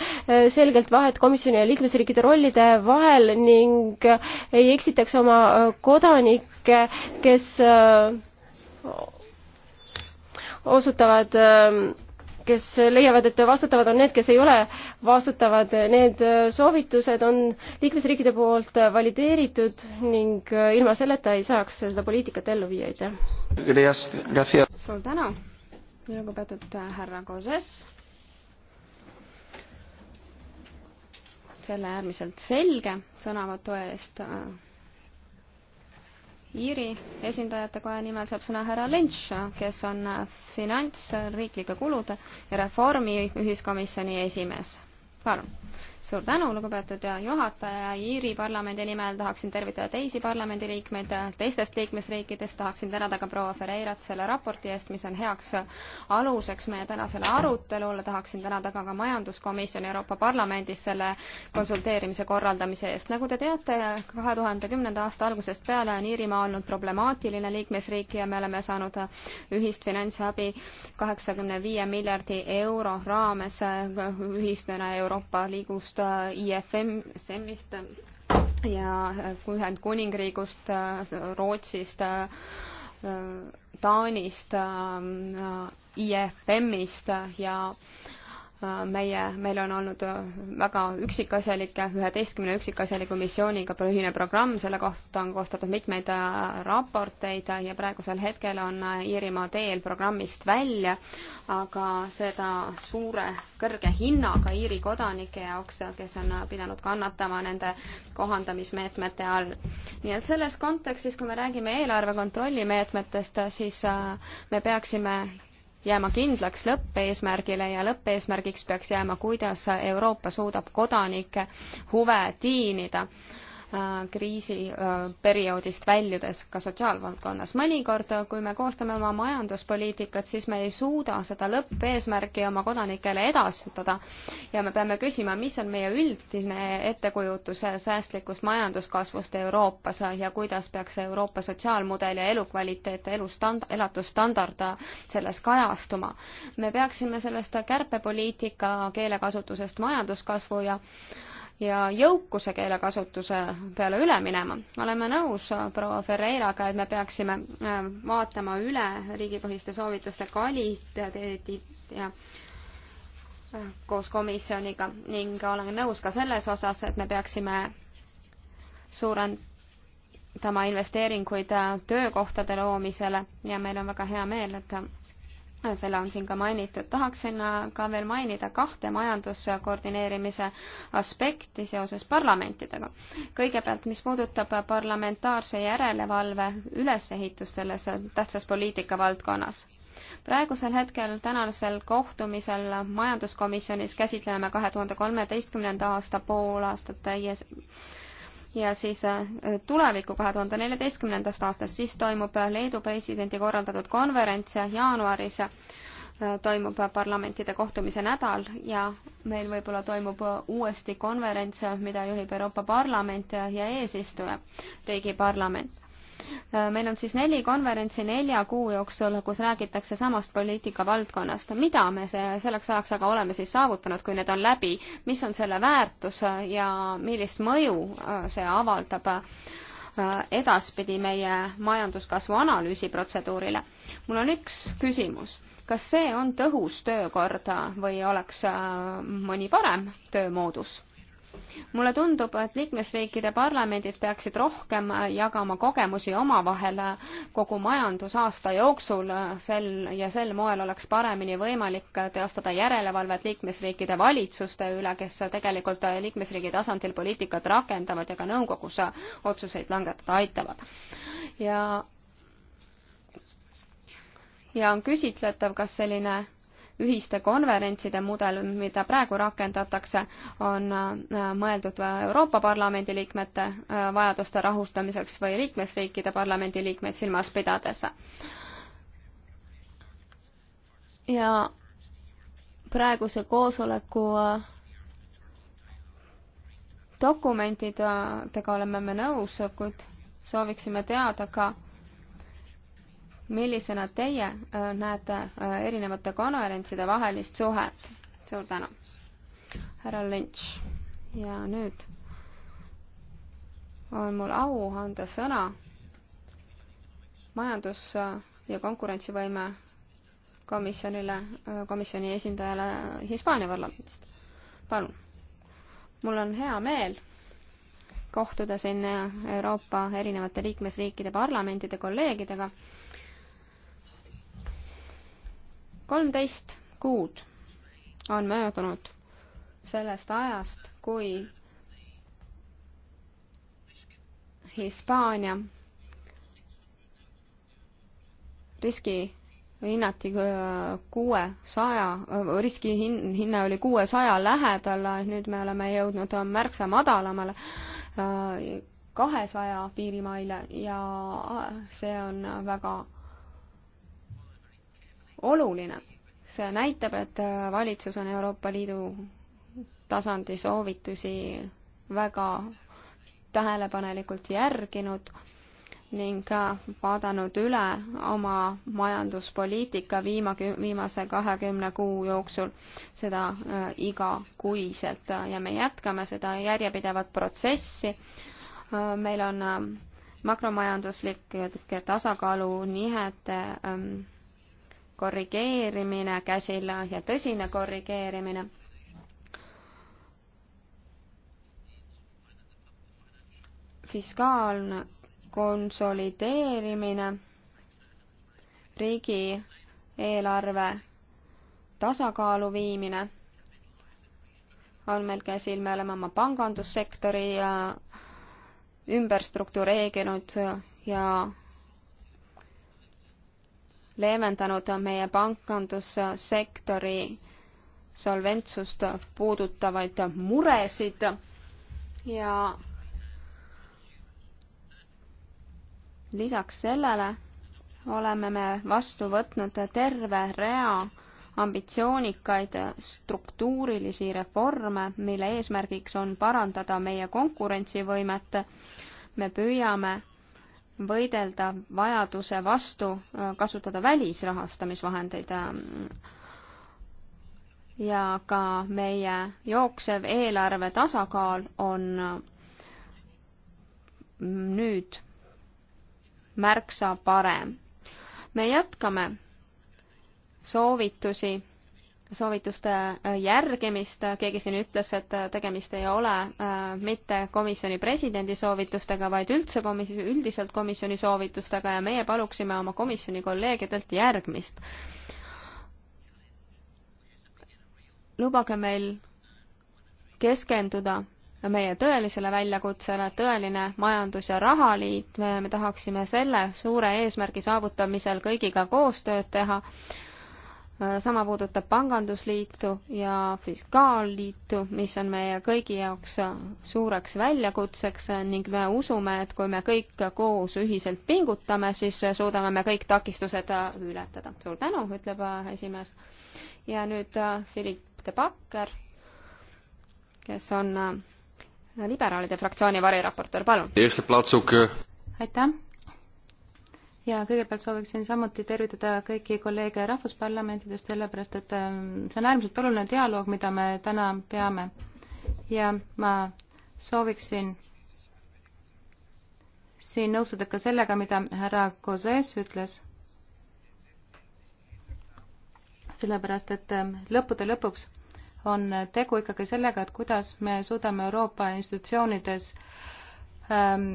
selgelt vahet komisjoni ja liikmesriikide rollide vahel ning ei eksitaks oma kodanikke, kes osutavad kes leiavad, et vastutavad on need, kes ei ole vastutavad. Need soovitused on liikmesriikide poolt valideeritud ning ilma selleta ei saaks seda poliitikat ellu viia, aitäh. suur tänu, lugupeetud härra Kozes. selle äärmiselt selge sõnavõtu eest äh, Iiri esindajate koja nimel saab sõna härra Lynch, kes on äh, finants, riiklike kulude ja reformi ühiskomisjoni esimees. palun suur tänu, lugupeetud juhataja, Iiri parlamendi nimel tahaksin tervitada teisi parlamendiliikmeid teistest liikmesriikidest, tahaksin tänada ka proua Ferreirat selle raporti eest, mis on heaks aluseks meie tänasele arutelule, tahaksin tänada ka, ka majanduskomisjoni Euroopa Parlamendis selle konsulteerimise korraldamise eest. nagu te teate, kahe tuhande kümnenda aasta algusest peale on Iirimaa olnud problemaatiline liikmesriik ja me oleme saanud ühist finantsabi kaheksakümne viie miljardi euro raames ühistena Euroopa Liidust Liidust, IFM, SM-ist ja Ühendkuningriigust, Rootsist, Taanist, IFM-ist ja Äh, meie, meil on olnud äh, väga üksikasjalikke, üheteistkümne üksikasjaliku missiooniga ühine programm, selle kohta on koostatud mitmeid äh, raporteid ja praegusel hetkel on Iirimaa teel programmist välja, aga seda suure, kõrge hinnaga Iiri kodanike jaoks, kes on pidanud kannatama nende kohandamismeetmete all. nii et selles kontekstis, kui me räägime eelarve kontrollimeetmetest, siis me peaksime jääma kindlaks lõppeesmärgile ja lõppeesmärgiks peaks jääma, kuidas Euroopa suudab kodanike huve tiinida Äh, kriisiperioodist äh, väljudes ka sotsiaalvaldkonnas. mõnikord, äh, kui me koostame oma majanduspoliitikat, siis me ei suuda seda lõppeesmärki oma kodanikele edastada ja me peame küsima, mis on meie üldine ettekujutus säästlikust majanduskasvust Euroopas ja kuidas peaks Euroopa sotsiaalmudel ja elukvaliteet, elustand-, elatusstandard selles kajastuma. me peaksime sellest kärpepoliitika keelekasutusest majanduskasvu ja ja jõukuse keelekasutuse peale üle minema. oleme nõus proua Ferreiraga, et me peaksime äh, vaatama üle riigipõhiste soovituste kvaliteedi ja äh, koos komisjoniga ning olen nõus ka selles osas, et me peaksime suurendama investeeringuid äh, töökohtade loomisele ja meil on väga hea meel, et seda on siin ka mainitud. tahaksin äh, ka veel mainida kahte majanduskoordineerimise aspekti seoses parlamentidega. kõigepealt, mis puudutab parlamentaarse järelevalve ülesehitust selles tähtsas poliitikavaldkonnas. praegusel hetkel tänasel kohtumisel majanduskomisjonis käsitleme kahe tuhande kolmeteistkümnenda aasta poolaastat ja siis äh, tulevikku kahe tuhande neljateistkümnendast aastast, siis toimub äh, Leedu presidendi korraldatud konverents äh, jaanuaris, toimub parlamentide kohtumise nädal ja meil võib-olla toimub uuesti konverents, mida juhib Euroopa Parlament ja eesistuja, riigi parlament meil on siis neli konverentsi nelja kuu jooksul, kus räägitakse samast poliitikavaldkonnast. mida me see, selleks ajaks aga oleme siis saavutanud, kui need on läbi, mis on selle väärtus ja millist mõju äh, see avaldab äh, edaspidi meie majanduskasvu analüüsi protseduurile? mul on üks küsimus. kas see on tõhus töökord või oleks äh, mõni parem töömoodus? mulle tundub, et liikmesriikide parlamendid peaksid rohkem äh, jagama kogemusi omavahel äh, kogu majandusaasta jooksul, äh, sel ja sel moel oleks paremini võimalik teostada järelevalvet liikmesriikide valitsuste üle, kes tegelikult liikmesriigi tasandil poliitikat rakendavad ja ka nõukogus otsuseid langetada aitavad. ja ja on küsitletav, kas selline ühiste konverentside mudel, mida praegu rakendatakse, on äh, mõeldud Euroopa Parlamendi liikmete äh, vajaduste rahustamiseks või liikmesriikide parlamendi liikmeid silmas pidades. ja praeguse koosoleku äh, dokumentidega oleme me nõus, kuid sooviksime teada ka, millisena teie äh, näete äh, erinevate konverentside vahelist suhet? suur tänu, härra Lynch. ja nüüd on mul au anda sõna majandus- ja konkurentsivõime komisjonile, äh, komisjoni esindajale Hispaania parlamendist. palun. mul on hea meel kohtuda siin Euroopa erinevate liikmesriikide parlamentide kolleegidega kolmteist kuud on möödunud sellest ajast, kui Hispaania riski hinnati äh, kuuesaja, äh, riski hin-, hinne oli kuuesaja lähedal, nüüd me oleme jõudnud märksa madalamale, äh, kahesaja piirimaile ja see on väga oluline. see näitab, et valitsus on Euroopa Liidu tasandi soovitusi väga tähelepanelikult järginud ning vaadanud üle oma majanduspoliitika viima, viimase kahekümne kuu jooksul, seda äh, igakuiselt ja me jätkame seda järjepidevat protsessi. Äh, meil on äh, makromajanduslik tasakaalu nihete ähm, korrigeerimine käsil ja tõsine korrigeerimine. fiskaalne konsolideerimine, riigieelarve tasakaalu viimine on meil käsil, me oleme oma pangandussektori äh, ümber struktureerinud ja leevendanud meie pangandussektori solventsust puudutavaid muresid ja lisaks sellele oleme me vastu võtnud terve rea ambitsioonikaid struktuurilisi reforme, mille eesmärgiks on parandada meie konkurentsivõimet. me püüame võidelda vajaduse vastu äh, kasutada välisrahastamisvahendeid ähm, ja ka meie jooksev eelarve tasakaal on äh, nüüd märksa parem. me jätkame soovitusi soovituste äh, järgimist, keegi siin ütles, et äh, tegemist ei ole äh, mitte komisjoni presidendi soovitustega, vaid üldse komis-, üldiselt komisjoni soovitustega ja meie paluksime oma komisjoni kolleegidelt järgmist. lubage meil keskenduda meie tõelisele väljakutsele, tõeline majandus- ja rahaliit, me tahaksime selle suure eesmärgi saavutamisel kõigiga koostööd teha Äh, sama puudutab Pangandusliitu ja Fiskaalliitu, mis on meie kõigi jaoks äh, suureks väljakutseks äh, ning me usume, et kui me kõik koos ühiselt pingutame, siis suudame me kõik takistused ületada. suur tänu, ütleb esimees. ja nüüd Philipp de Backer, kes on liberaalide fraktsiooni variraportöör, palun. aitäh ja kõigepealt sooviksin samuti tervitada kõiki kolleege Rahvusparlamentidest, sellepärast et ähm, see on äärmiselt oluline dialoog, mida me täna peame. ja ma sooviksin siin nõustuda ka sellega, mida härra Kozes ütles. sellepärast, et ähm, lõppude lõpuks on tegu ikkagi sellega, et kuidas me suudame Euroopa institutsioonides ähm,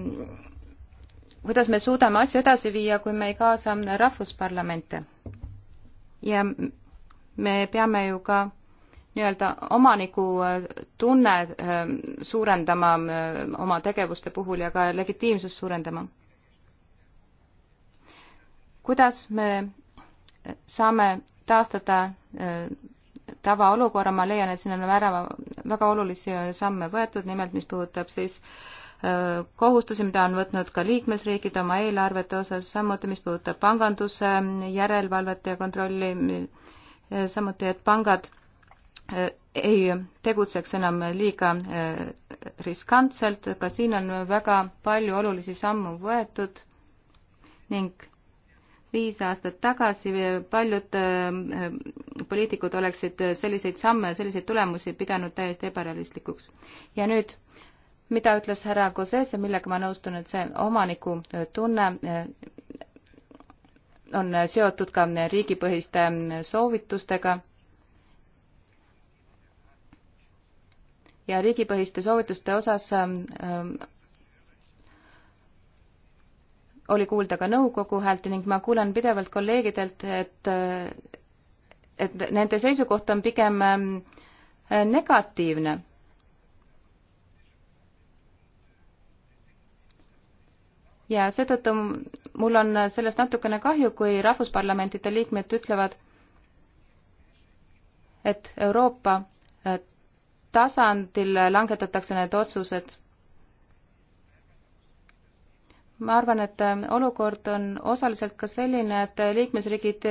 kuidas me suudame asju edasi viia, kui me ei kaasa rahvusparlamente. ja me peame ju ka nii-öelda omanikutunne äh, äh, suurendama äh, oma tegevuste puhul ja ka legitiimsust suurendama. kuidas me saame taastada tavaolukorra, ma leian, et siin on väga, väga olulisi samme võetud, nimelt mis puudutab siis äh, Äh, kohustusi, mida on võtnud ka liikmesriigid oma eelarvete osas, samuti mis puudutab panganduse mm, järelevalvet ja kontrolli, mm, äh, samuti, et pangad äh, ei tegutseks enam liiga riskantselt, ka siin on väga palju olulisi samme võetud ning viis aastat tagasi paljud poliitikud oleksid selliseid samme ja selliseid tulemusi pidanud täiesti ebarealistlikuks. ja nüüd mida ütles härra Gozes ja millega ma nõustun, et see omaniku äh, tunne äh, on äh, seotud ka riigipõhiste soovitustega. ja riigipõhiste soovituste osas ähm, ähm, oli kuulda ka nõukogu häält ning ma kuulen pidevalt kolleegidelt, et, et nende seisukoht on pigem ähm, negatiivne ja seetõttu mul on sellest natukene kahju, kui rahvusparlamentide liikmed ütlevad, et Euroopa äh, tasandil langetatakse need otsused. ma arvan, et äh, olukord on osaliselt ka selline, et äh, liikmesriigid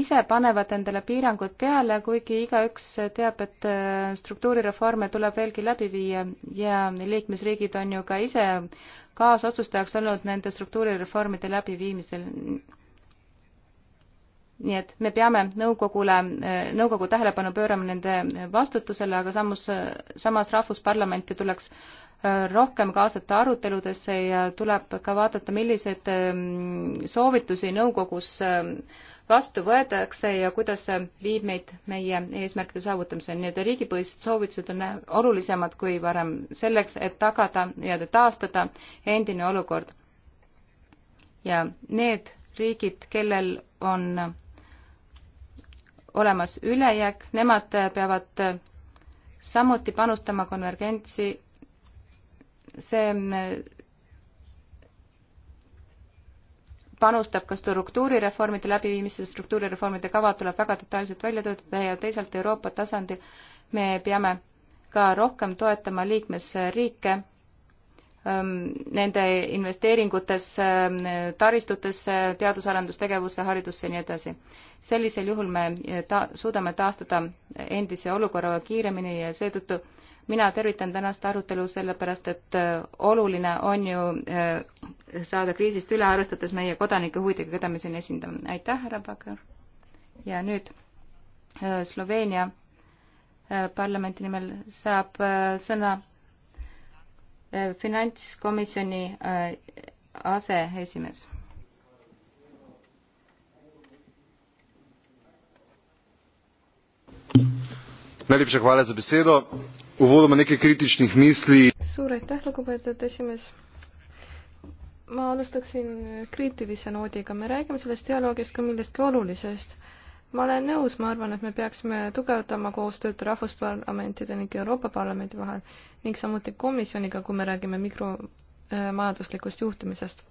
ise panevad endale piirangud peale, kuigi igaüks teab, et struktuurireforme tuleb veelgi läbi viia ja liikmesriigid on ju ka ise kaasotsustajaks olnud nende struktuurireformide läbiviimisel. nii et me peame nõukogule, äh, nõukogu tähelepanu pöörama nende vastutusele, aga samus, samas Rahvusparlamenti tuleks äh, rohkem kaasata aruteludesse ja tuleb ka vaadata, milliseid ähm, soovitusi nõukogus äh, vastu võetakse ja kuidas see viib meid meie eesmärkide saavutamiseni. nii et riigipõhised soovitused on olulisemad kui varem selleks, et tagada ja taastada endine olukord. ja need riigid, kellel on olemas ülejääk, nemad peavad samuti panustama konvergentsi. see panustab ka struktuurireformide läbiviimisse, struktuurireformide kava tuleb väga detailselt välja töötada ja teisalt Euroopa tasandil me peame ka rohkem toetama liikmesriike ähm, nende investeeringutesse, ähm, taristutesse, teadus-arendustegevusse, haridusse ja nii edasi. sellisel juhul me ta-, suudame taastada endise olukorra kiiremini ja seetõttu mina tervitan tänast arutelu, sellepärast et äh, oluline on ju äh, saada kriisist üle, arvestades meie kodanike huvidega, keda me siin esindame. aitäh, härra Pakar! ja nüüd äh, Sloveenia parlamendi nimel saab sõna finantskomisjoni aseesimees najlepša hvala za besedo uvodoma nekaj kritičnih misli. suur aitäh, lugupeetud esimees. ma alustaksin kriitilise noodiga, me räägime sellest dialoogist kui millestki olulisest. ma olen nõus, ma arvan, et me peaksime tugevdama koostööd rahvusparlamentide ning Euroopa Parlamendi vahel ning samuti komisjoniga, kui me räägime mikromajanduslikust äh, juhtimisest.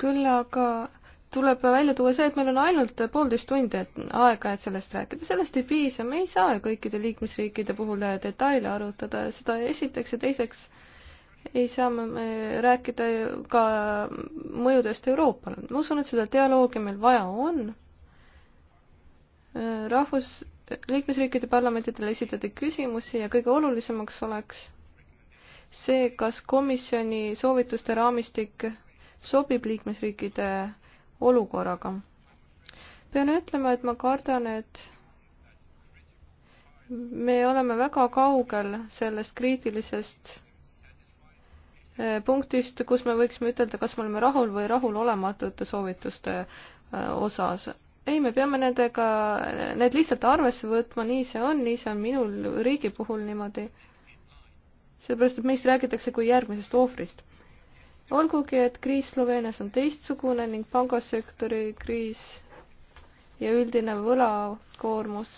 küll aga tuleb välja tuua see, et meil on ainult poolteist tundi aega, et sellest rääkida, sellest ei piisa, me ei saa ju kõikide liikmesriikide puhul detaile arutada, seda esiteks ja teiseks ei saa me rääkida ka mõjudest Euroopale. ma usun, et seda dialoogi meil vaja on. rahvus, liikmesriikide parlamentidele esitati küsimusi ja kõige olulisemaks oleks see, kas komisjoni soovituste raamistik sobib liikmesriikide olukorraga. pean ütlema, et ma kardan, et me oleme väga kaugel sellest kriitilisest eh, punktist, kus me võiksime ütelda, kas me oleme rahul või rahulolematute soovituste eh, osas. ei, me peame nendega, need lihtsalt arvesse võtma, nii see on, nii see on minul riigi puhul niimoodi. sellepärast, et meist räägitakse kui järgmisest ohvrist olgugi, et kriis Sloveenias on teistsugune ning pangasektori kriis ja üldine võlakoormus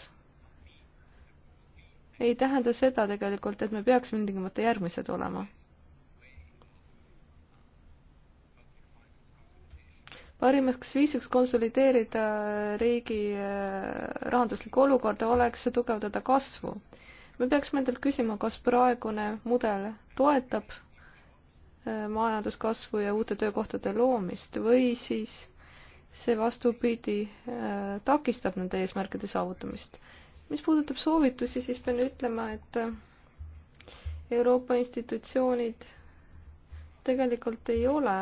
ei tähenda seda tegelikult, et me peaksime tingimata järgmised olema. parimaks viisiks konsolideerida riigi äh, rahanduslikku olukorda oleks tugevdada kasvu. me peaksime endalt küsima, kas praegune mudel toetab Äh, majanduskasvu ja uute töökohtade loomist või siis see vastupidi äh, takistab nende eesmärkide saavutamist. mis puudutab soovitusi, siis pean ütlema, et äh, Euroopa institutsioonid tegelikult ei ole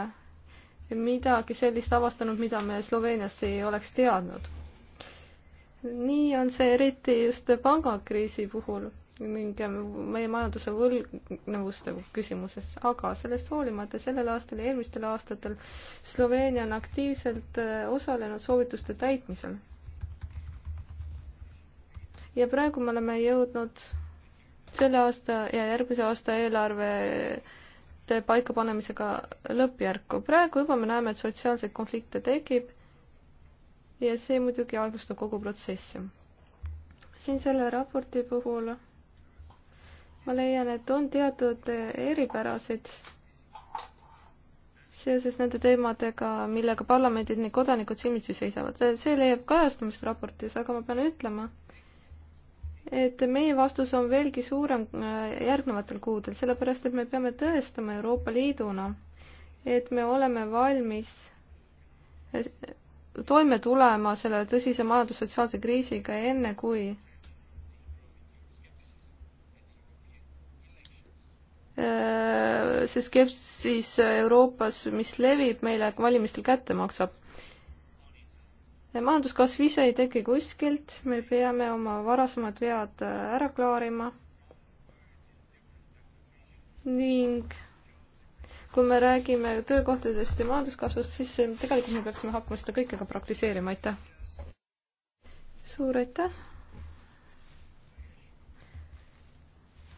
midagi sellist avastanud, mida me Sloveenias ei oleks teadnud. nii on see eriti just pangakriisi puhul ning meie majanduse võlgnevuste küsimuses, aga sellest hoolimata sellel aastal ja eelmistel aastatel Sloveenia on aktiivselt äh, osalenud soovituste täitmisel. ja praegu me oleme jõudnud selle aasta ja järgmise aasta eelarvete paikapanemisega lõppjärku. praegu juba me näeme, et sotsiaalseid konflikte tekib ja see muidugi aeglustab kogu protsessi. siin selle raporti puhul ma leian, et on teatud eripärasid seoses nende teemadega, millega parlamendid ning kodanikud silmitsi seisavad. see leiab kajastamist raportis, aga ma pean ütlema, et meie vastus on veelgi suurem äh, järgnevatel kuudel, sellepärast et me peame tõestama Euroopa Liiduna, et me oleme valmis äh, toime tulema selle tõsise majandussotsiaalse kriisiga enne, kui Äh, see skepsis Euroopas, mis levib meile valimistel kätte maksab. majanduskasv ise ei teki kuskilt, me peame oma varasemad vead äh, ära klaarima ning kui me räägime töökohtadest ja majanduskasvust, siis äh, tegelikult me peaksime hakkama seda kõike ka praktiseerima, aitäh. suur aitäh.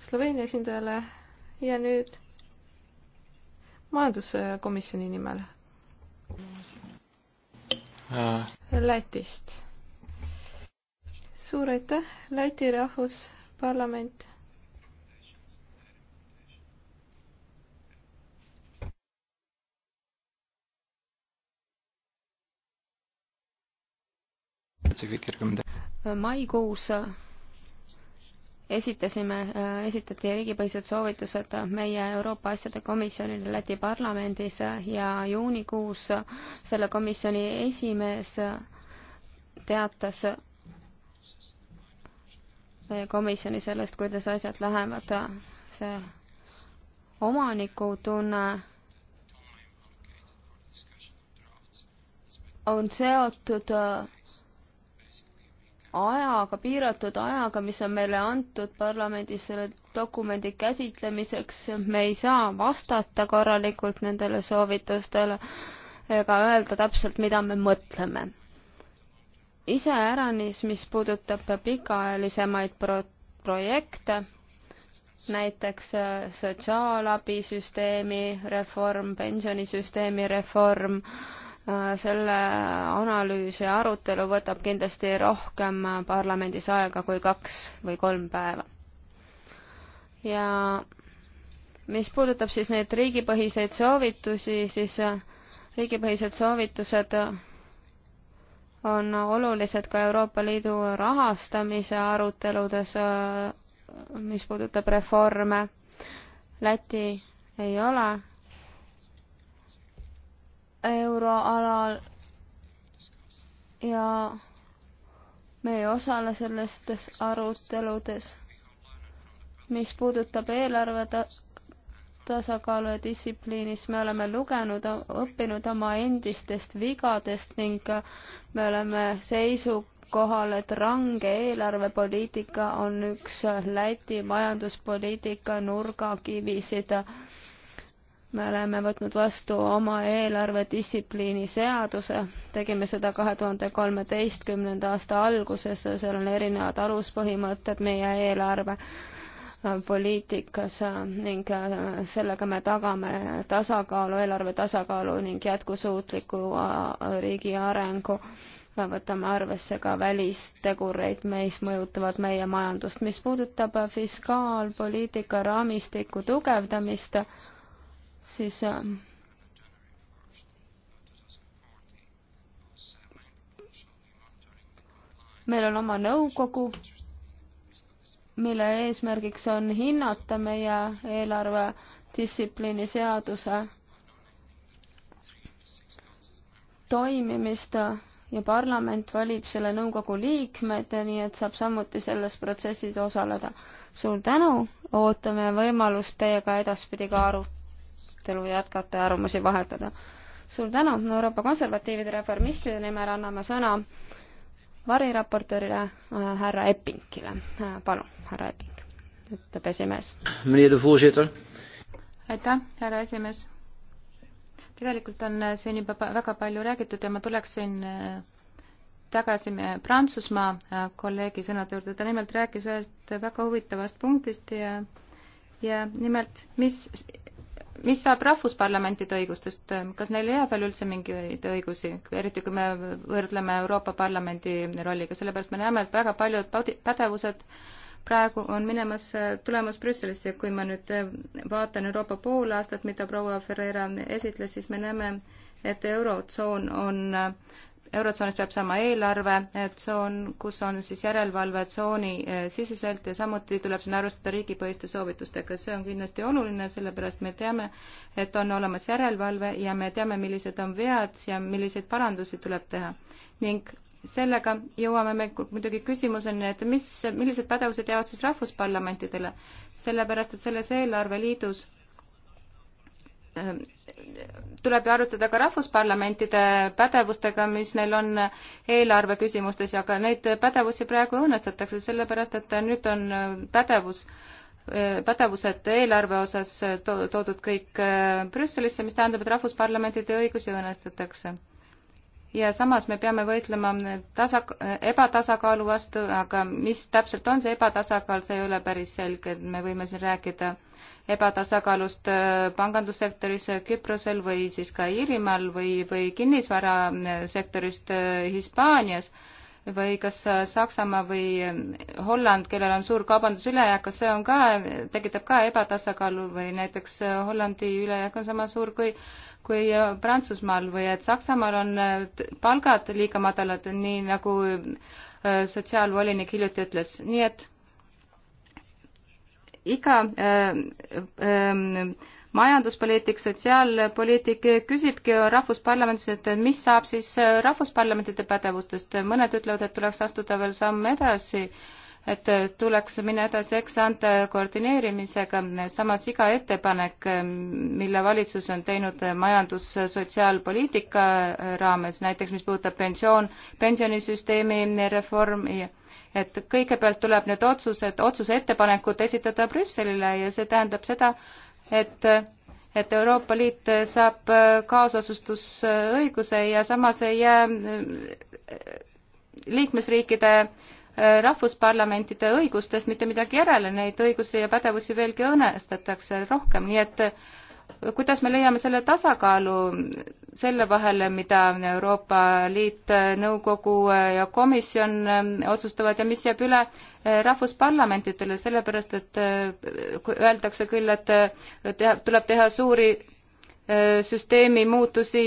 Sloveenia esindajale ja nüüd majanduskomisjoni nimel äh.. Lätist. suur aitäh, Läti rahvusparlament maikuus esitasime, äh, esitati riigipõhised soovitused meie Euroopa Asjade Komisjonile Läti parlamendis ja juunikuus selle komisjoni esimees teatas meie komisjoni sellest, kuidas asjad lähevad. see omanikutunne on seotud äh, ajaga, piiratud ajaga, mis on meile antud parlamendis selle dokumendi käsitlemiseks, me ei saa vastata korralikult nendele soovitustele ega öelda täpselt, mida me mõtleme. iseäranis, mis puudutab pikaajalisemaid pro-, projekte, näiteks äh, sotsiaalabisüsteemi reform, pensionisüsteemi reform äh,, Äh, selle analüüsi arutelu võtab kindlasti rohkem äh, parlamendis aega kui kaks või kolm päeva. ja mis puudutab siis neid riigipõhiseid soovitusi, siis äh, riigipõhised soovitused on olulised ka Euroopa Liidu rahastamise aruteludes, mis puudutab reforme. Läti ei ole euroalal ja me ei osale sellistes aruteludes, mis puudutab eelarve tasakaalu ja distsipliinis, me oleme lugenud, õppinud oma endistest vigadest ning me oleme seisukohal, et range eelarvepoliitika on üks Läti majanduspoliitika nurgakivisid me oleme võtnud vastu oma eelarvedistsipliini seaduse, tegime seda kahe tuhande kolmeteistkümnenda aasta alguses, seal on erinevad aluspõhimõtted meie eelarve poliitikas ning sellega me tagame tasakaalu, eelarve tasakaalu ning jätkusuutliku riigi arengu. võtame arvesse ka välistegureid, mis mõjutavad meie majandust. mis puudutab fiskaalpoliitika raamistiku tugevdamist, siis äh, meil on oma nõukogu, mille eesmärgiks on hinnata meie eelarvedistsipliini seaduse toimimist ja parlament valib selle nõukogu liikmed, nii et saab samuti selles protsessis osaleda. suur tänu, ootame võimalust teiega edaspidi ka arutada arutelu jätkata ja arvamusi vahetada. suur tänu, Euroopa Konservatiivide Reformistide nimel anname sõna variraportöörile äh, härra Eppinkile. Äh, palun, härra Epping, ütleb esimees. aitäh, härra esimees. tegelikult on äh, siin juba väga palju räägitud ja ma tuleksin tagasi Prantsusmaa kolleegi sõnade juurde, ta nimelt rääkis ühest väga huvitavast punktist ja ja nimelt, mis mis saab rahvusparlamentide õigustest, kas neile jääb veel üldse mingeid õigusi, eriti kui me võrdleme Euroopa Parlamendi rolliga, sellepärast me näeme, et väga paljud pädevused praegu on minemas, tulemas Brüsselisse, kui ma nüüd vaatan Euroopa poolaastat, mida proua Ferreira esitles, siis me näeme, et Eurotsoon on eurotsoonis peab saama eelarvetsoon, kus on siis järelevalvetsooni eh, siseselt ja samuti tuleb siin arvestada riigipõhiste soovitustega, see on kindlasti oluline, sellepärast me teame, et on olemas järelevalve ja me teame, millised on vead ja milliseid parandusi tuleb teha. ning sellega jõuame me muidugi küsimuseni, et mis, millised pädevused jäävad siis rahvusparlamentidele, sellepärast et selles eelarveliidus eh, tuleb ju arvestada ka rahvusparlamentide pädevustega, mis neil on eelarve küsimustes ja ka neid pädevusi praegu õõnestatakse, sellepärast et nüüd on pädevus, pädevused eelarve osas to toodud kõik Brüsselisse, mis tähendab, et rahvusparlamentide õigusi õõnestatakse. ja samas me peame võitlema tasa, ebatasakaalu vastu, aga mis täpselt on see ebatasakaal, see ei ole päris selge, et me võime siin rääkida äh, ebatasakaalust äh, pangandussektoris äh, Küprosel või siis ka Iirimaal või, või kinnisvarasektorist äh, Hispaanias või kas Saksamaa või Holland, kellel on suur kaubandusülejääk, kas see on ka, tekitab ka ebatasakaalu või näiteks Hollandi ülejääk on sama suur kui kui Prantsusmaal või et Saksamaal on palgad liiga madalad, nii nagu sotsiaalvolinik hiljuti ütles, nii et iga äh, ähm, majanduspoliitik, sotsiaalpoliitik küsibki Rahvusparlamendis, et mis saab siis äh, Rahvusparlamentide pädevustest, mõned ütlevad, et tuleks astuda veel samm edasi, et tuleks minna edasi eksante koordineerimisega, samas iga ettepanek, mille valitsus on teinud majandus-sotsiaalpoliitika raames, näiteks mis puudutab pensioon, pensionisüsteemi reformi et kõigepealt tuleb need otsused, otsuse ettepanekud esitada Brüsselile ja see tähendab seda, et et Euroopa Liit saab kaasotsustusõiguse ja samas ei jää äh, liikmesriikide äh, rahvusparlamentide õigustest mitte midagi järele, neid õigusi ja pädevusi veelgi õõnestatakse rohkem, nii et äh, kuidas me leiame selle tasakaalu selle vahele, mida Euroopa Liit, nõukogu ja komisjon ähm, otsustavad ja mis jääb üle äh, rahvusparlamentidele, sellepärast et äh, öeldakse küll, et äh, teha, tuleb teha suuri süsteemi muutusi,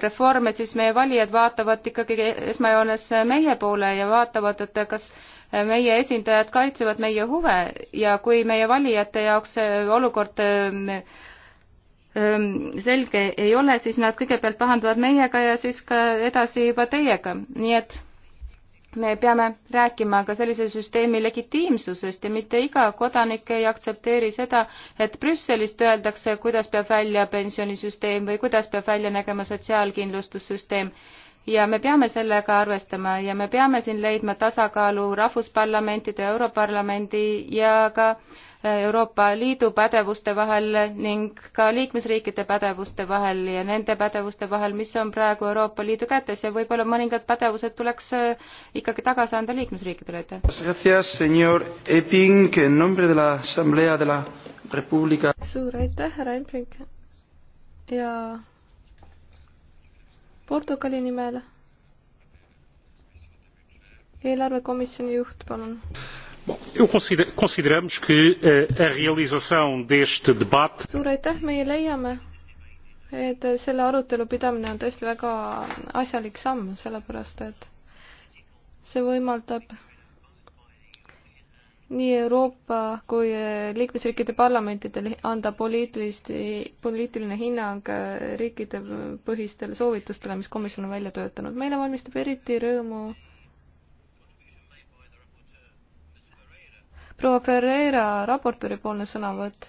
reforme, siis meie valijad vaatavad ikkagi esmajoones meie poole ja vaatavad, et kas meie esindajad kaitsevad meie huve ja kui meie valijate jaoks olukord selge ei ole, siis nad kõigepealt pahandavad meiega ja siis ka edasi juba teiega, nii et me peame rääkima ka sellise süsteemi legitiimsusest ja mitte iga kodanik ei aktsepteeri seda, et Brüsselist öeldakse, kuidas peab välja pensionisüsteem või kuidas peab välja nägema sotsiaalkindlustussüsteem ja me peame sellega arvestama ja me peame siin leidma tasakaalu rahvusparlamentide, Europarlamendi ja ka Euroopa Liidu pädevuste vahel ning ka liikmesriikide pädevuste vahel ja nende pädevuste vahel, mis on praegu Euroopa Liidu kätes ja võib-olla mõningad pädevused tuleks äh, ikkagi tagasi anda liikmesriikidele, aitäh. suur aitäh, härra Emping ja Portugali nimel eelarvekomisjoni juht, palun Bom, eu consider, consideramos que uh, a realização deste debate. suur aitäh, meie leiame, et selle arutelu pidamine on tõesti väga asjalik samm, sellepärast et see võimaldab nii Euroopa kui eh, liikmesriikide parlamentidel anda poliitilist, poliitiline hinnang eh, riikide põhistele soovitustele, mis komisjon on välja töötanud. meile valmistab eriti rõõmu proua Ferreira raportööripoolne sõnavõtt,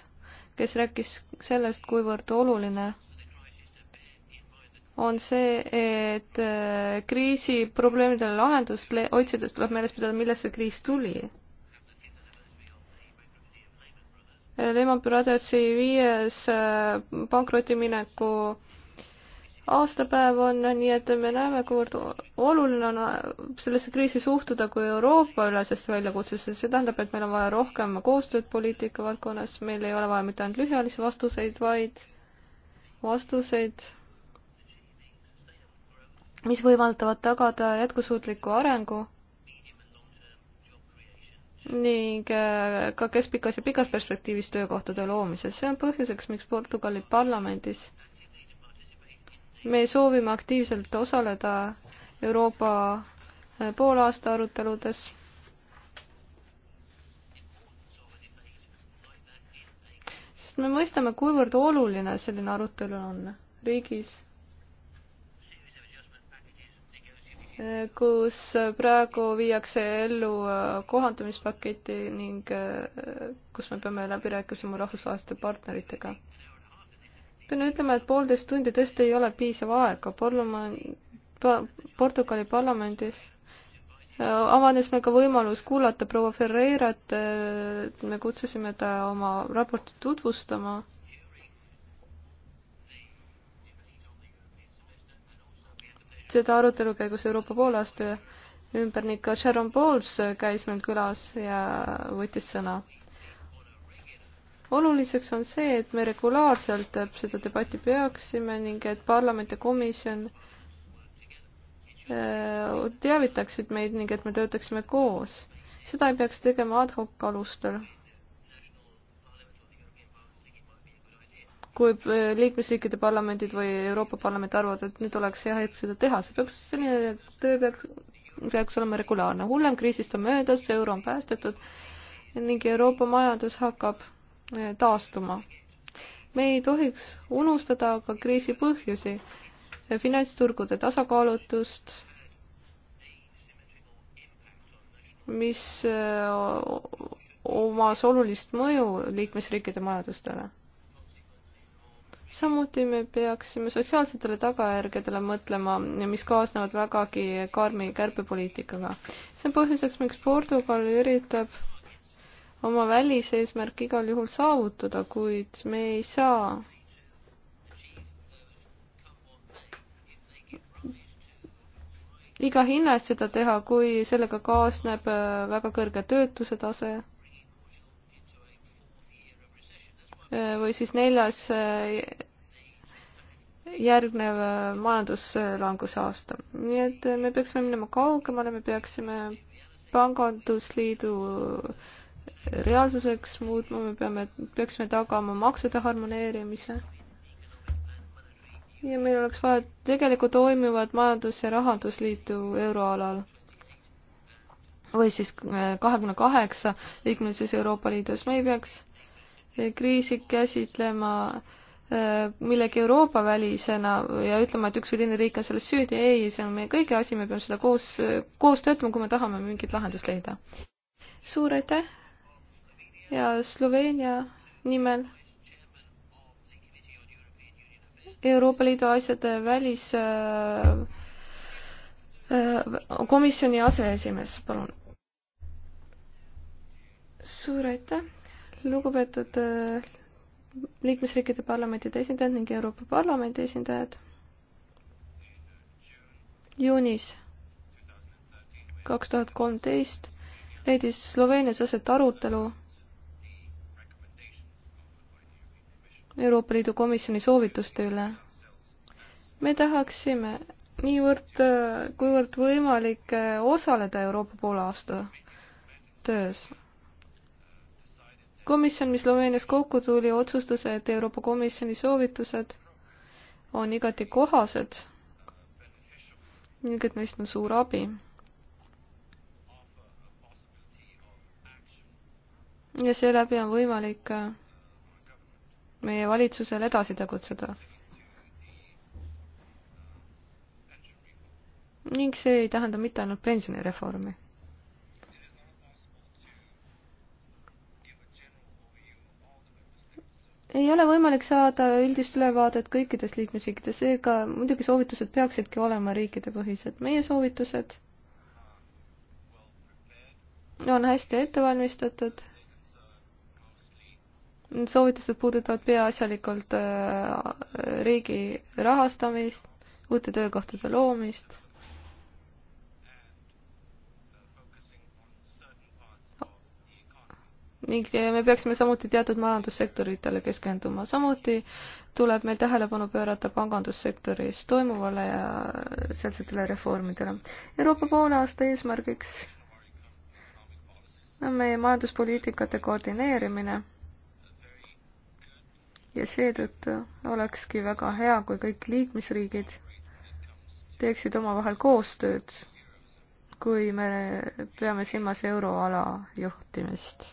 kes rääkis sellest, kuivõrd oluline on see, et äh, kriisi probleemidele lahendust otsides tuleb meeles pidada, millest see kriis tuli Lehman Brothersi viies äh, pankrotimineku aastapäev on, nii et me näeme, kuivõrd oluline on sellesse kriisi suhtuda kui Euroopa-ülesest väljakutsesse, see tähendab, et meil on vaja rohkem koostööd poliitika valdkonnas, meil ei ole vaja mitte ainult lühiajalisi vastuseid, vaid vastuseid, mis võimaldavad tagada jätkusuutliku arengu ning äh, ka keskpikas ja pikas perspektiivis töökohtade loomises. see on põhjuseks, miks Portugali parlamendis me soovime aktiivselt osaleda Euroopa eh, poolaasta aruteludes. sest me mõistame, kuivõrd oluline selline arutelu on riigis, eh, kus praegu viiakse ellu eh, kohandumispaketi ning kus me peame läbirääkimisi oma rahvusvaheliste partneritega pean ütlema, et poolteist tundi tõesti ei ole piisav aeg, parlamend pa,, Portugali parlamendis äh, avanes meil ka võimalus kuulata proua Ferreirat, äh, me kutsusime ta oma raportit tutvustama. seda arutelu käigus Euroopa poolaasta ümber ning ka Sharon Bowles käis meil külas ja võttis sõna oluliseks on see, et me regulaarselt seda debatti peaksime ning et parlament ja komisjon äh, teavitaksid meid ning et me töötaksime koos. seda ei peaks tegema ad hoc alustel. kui äh, liikmesriikide parlamendid või Euroopa Parlament arvavad, et nüüd oleks hea hetk seda teha, see peaks, selline töö peaks, peaks olema regulaarne. hullem kriisist on möödas, euro on päästetud ning Euroopa majandus hakkab Äh, taastuma. me ei tohiks unustada ka kriisi põhjusi, äh, finantsturgude tasakaalutust, mis äh, omas olulist mõju liikmesriikide majandustele. samuti me peaksime sotsiaalsetele tagajärgedele mõtlema, mis kaasnevad vägagi karmi kärpepoliitikaga. see on põhjuseks, miks Portugal üritab oma väliseesmärk igal juhul saavutada, kuid me ei saa iga hinna eest seda teha, kui sellega kaasneb äh, väga kõrge töötuse tase äh, või siis neljas äh, järgnev majanduslanguse aasta. nii et me peaksime minema kaugemale, me peaksime pangandusliidu reaalsuseks muutma, me peame, peaksime tagama maksude harmoneerimise. ja meil oleks vaja tegelikult toimivat majandus- ja rahandusliitu euroalal. või siis äh, kahekümne kaheksa liikmelises Euroopa Liidus, me ei peaks äh, kriisi käsitlema äh, millegi Euroopa välisena ja ütlema, et üks või teine riik on selles süüdi, ei, see on meie kõigi asi, me peame seda koos, koos töötama, kui me tahame mingit lahendust leida. suur aitäh ja Sloveenia nimel Euroopa Liidu asjade välis äh, äh, komisjoni aseesimees, palun. suur aitäh, lugupeetud äh, liikmesriikide parlamentide esindajad ning Euroopa Parlamendi esindajad. juunis kaks tuhat kolmteist leidis Sloveenias aset arutelu Euroopa Liidu Komisjoni soovituste üle. me tahaksime niivõrd, kuivõrd võimalik eh, osaleda Euroopa poolaasta töös. komisjon, mis Sloveenias kokku tuli, otsustas, et Euroopa Komisjoni soovitused on igati kohased ning et neist on suur abi. ja seeläbi on võimalik eh, meie valitsusel edasi tegutseda. ning see ei tähenda mitte ainult pensionireformi. ei ole võimalik saada üldist ülevaadet kõikides liikmesriikides, seega muidugi soovitused peaksidki olema riikidepõhised. meie soovitused on hästi ette valmistatud soovitused puudutavad peaasjalikult äh, riigi rahastamist, uute töökohtade loomist, ning me peaksime samuti teatud majandussektoritele keskenduma. samuti tuleb meil tähelepanu pöörata pangandussektoris toimuvale ja sealsetele reformidele. Euroopa poolaasta eesmärgiks on meie majanduspoliitikate koordineerimine ja seetõttu olekski väga hea, kui kõik liikmesriigid teeksid omavahel koostööd, kui me peame silmas euroala juhtimist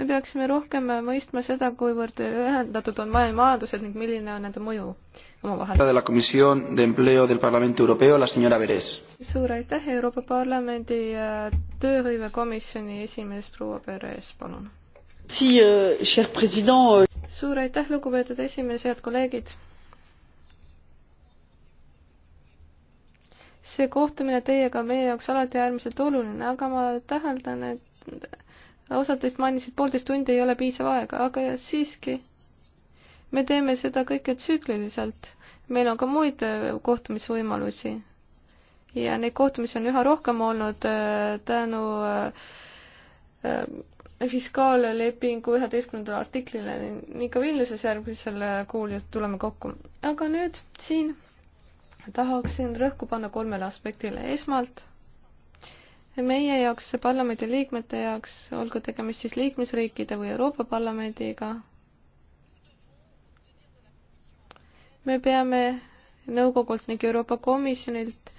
me peaksime rohkem mõistma seda, kuivõrd ühendatud on maailmamajandused ning milline on nende mõju omavahel. suur aitäh, Euroopa Parlamendi äh, tööhõivekomisjoni esimees proua Perez, palun. Äh, äh. suur aitäh, lugupeetud esimees, head kolleegid. see kohtumine teiega on meie jaoks alati äärmiselt oluline, aga ma täheldan, et osad teist mainisid, poolteist tundi ei ole piisav aeg, aga siiski me teeme seda kõike tsükliliselt. meil on ka muid äh, kohtumisvõimalusi. ja neid kohtumisi on üha rohkem olnud äh, tänu äh, fiskaallepingu üheteistkümnendale artiklile, nii ka Vilniuses järgmisel kuul tuleme kokku. aga nüüd siin tahaksin rõhku panna kolmele aspektile. esmalt meie jaoks, parlamendi liikmete jaoks, olgu tegemist siis liikmesriikide või Euroopa Parlamendiga, me peame nõukogult ning Euroopa Komisjonilt,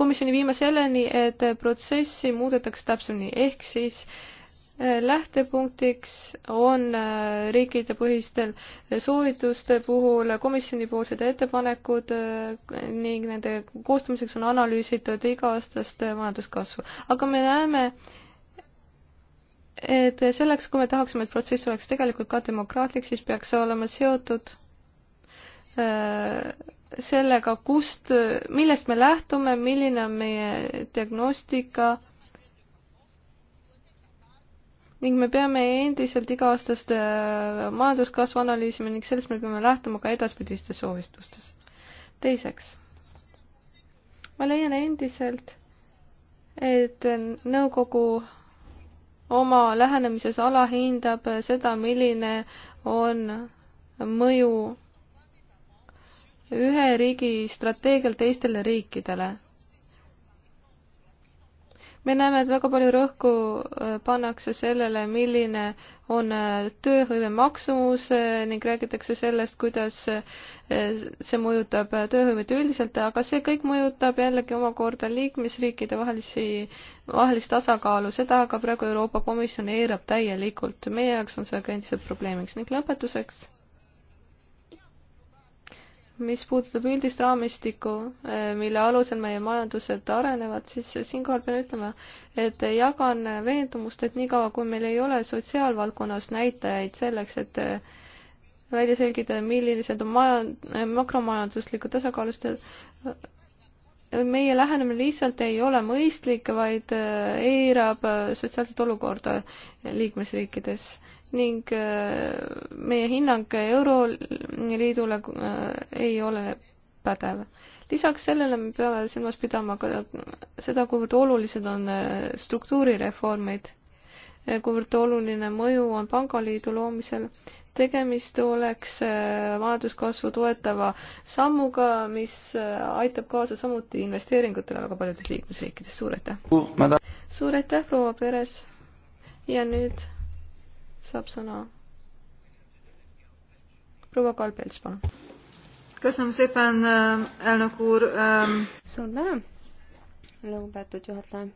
komisjoni viima selleni, et protsessi muudetakse täpsemini, ehk siis äh, lähtepunktiks on äh, riikidepõhistel äh, soovituste puhul äh, komisjonipoolsed ettepanekud ning nende koostamiseks on analüüsitud iga-aastast majanduskasvu. aga me näeme, et selleks, kui me tahaksime, et protsess oleks tegelikult ka demokraatlik, siis peaks see olema seotud sellega, kust, millest me lähtume, milline on meie diagnostika ning me peame endiselt iga-aastast äh, majanduskasvu analüüsima ning sellest me peame lähtuma ka edaspidistes soovitustes. teiseks, ma leian endiselt, et nõukogu oma lähenemises alahindab seda, milline on mõju ühe riigi strateegial teistele riikidele me näeme, et väga palju rõhku äh, pannakse sellele, milline on äh, tööhõive maksumus äh, ning räägitakse sellest, kuidas see mõjutab tööhõivet üldiselt, aga see kõik mõjutab jällegi omakorda liikmesriikide vahelisi, vahelist tasakaalu, seda aga praegu Euroopa Komisjon eirab täielikult. meie jaoks on see ka endiselt probleemiks ning lõpetuseks mis puudutab üldist raamistikku, eh, mille alusel meie majandused arenevad, siis siinkohal pean ütlema, et jagan veendumust, et niikaua, kui meil ei ole sotsiaalvaldkonnas näitajaid selleks, et eh, välja selgitada, millised on maja, eh, makromajanduslikud tasakaalustajad, meie lähenemine lihtsalt ei ole mõistlik, vaid eirab sotsiaalset olukorda liikmesriikides ning äh, meie hinnang Euroliidule äh, ei ole pädev. lisaks sellele me peame silmas pidama ka seda, kuivõrd olulised on äh, struktuurireformid, kuivõrd oluline mõju on pangaliidu loomisel. tegemist oleks majanduskasvu toetava sammuga, mis aitab kaasa samuti investeeringutele väga paljudes liikmesriikides. suur aitäh! suur aitäh, proua Peres! ja nüüd saab sõna proua Kalbelts, palun. köszönöm szépen, elnök úr. suur tänu, lugupeetud juhataja.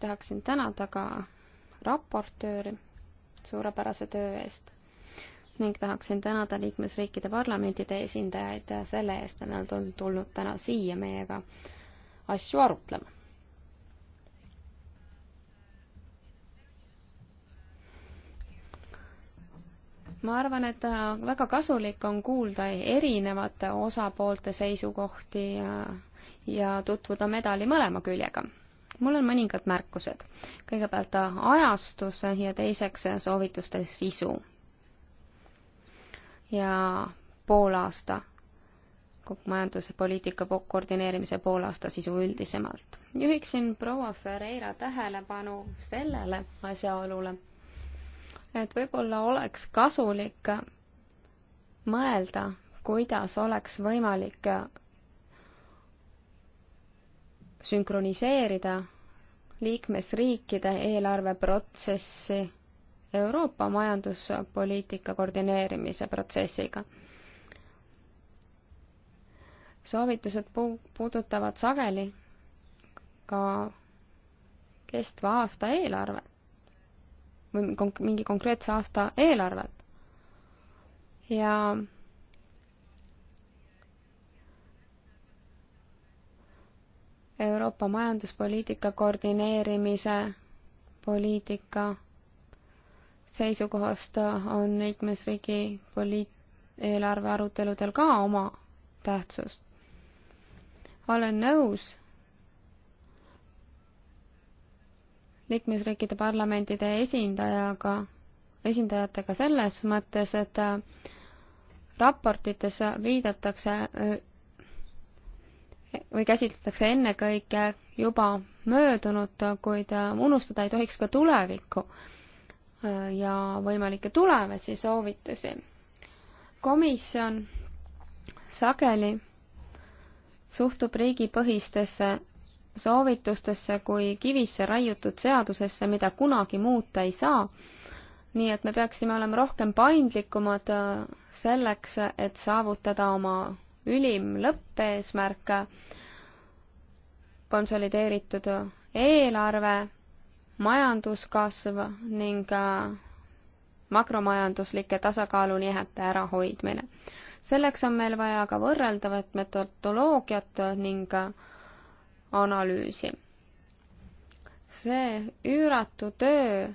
tahaksin tänada ka raportööri suurepärase töö eest ning tahaksin tänada liikmesriikide parlamentide esindajaid selle eest, et nad on tulnud täna siia meiega asju arutlema. ma arvan, et äh, väga kasulik on kuulda erinevate osapoolte seisukohti ja, ja tutvuda medali mõlema küljega. mul on mõningad märkused. kõigepealt äh, ajastus ja teiseks äh, soovituste sisu. ja poolaasta, majanduspoliitika koordineerimise poolaasta sisu üldisemalt. juhiksin proua Ferreira tähelepanu sellele asjaolule et võib-olla oleks kasulik mõelda, kuidas oleks võimalik sünkroniseerida liikmesriikide eelarveprotsessi Euroopa majanduspoliitika koordineerimise protsessiga. soovitused pu-, puudutavad sageli ka kestva aasta eelarvet või konk mingi konkreetse aasta eelarvet. ja Euroopa majanduspoliitika koordineerimise poliitika seisukohast on liikmesriigi poliit-, eelarve aruteludel ka oma tähtsust. olen nõus liikmesriikide parlamentide esindajaga, esindajatega selles mõttes, et äh, raportites viidatakse äh, või käsitletakse ennekõike juba möödunut, kuid äh, unustada ei tohiks ka tulevikku ja võimalikke tulevasi soovitusi. komisjon sageli suhtub riigipõhistesse soovitustesse kui kivisse raiutud seadusesse, mida kunagi muuta ei saa. nii et me peaksime olema rohkem paindlikumad äh, selleks, et saavutada oma ülim lõppeesmärk, konsolideeritud eelarve, majanduskasv ning äh, makromajanduslike tasakaalunihete ärahoidmine. selleks on meil vaja ka võrreldavat metodoloogiat ning äh, analüüsi. see üüratu töö,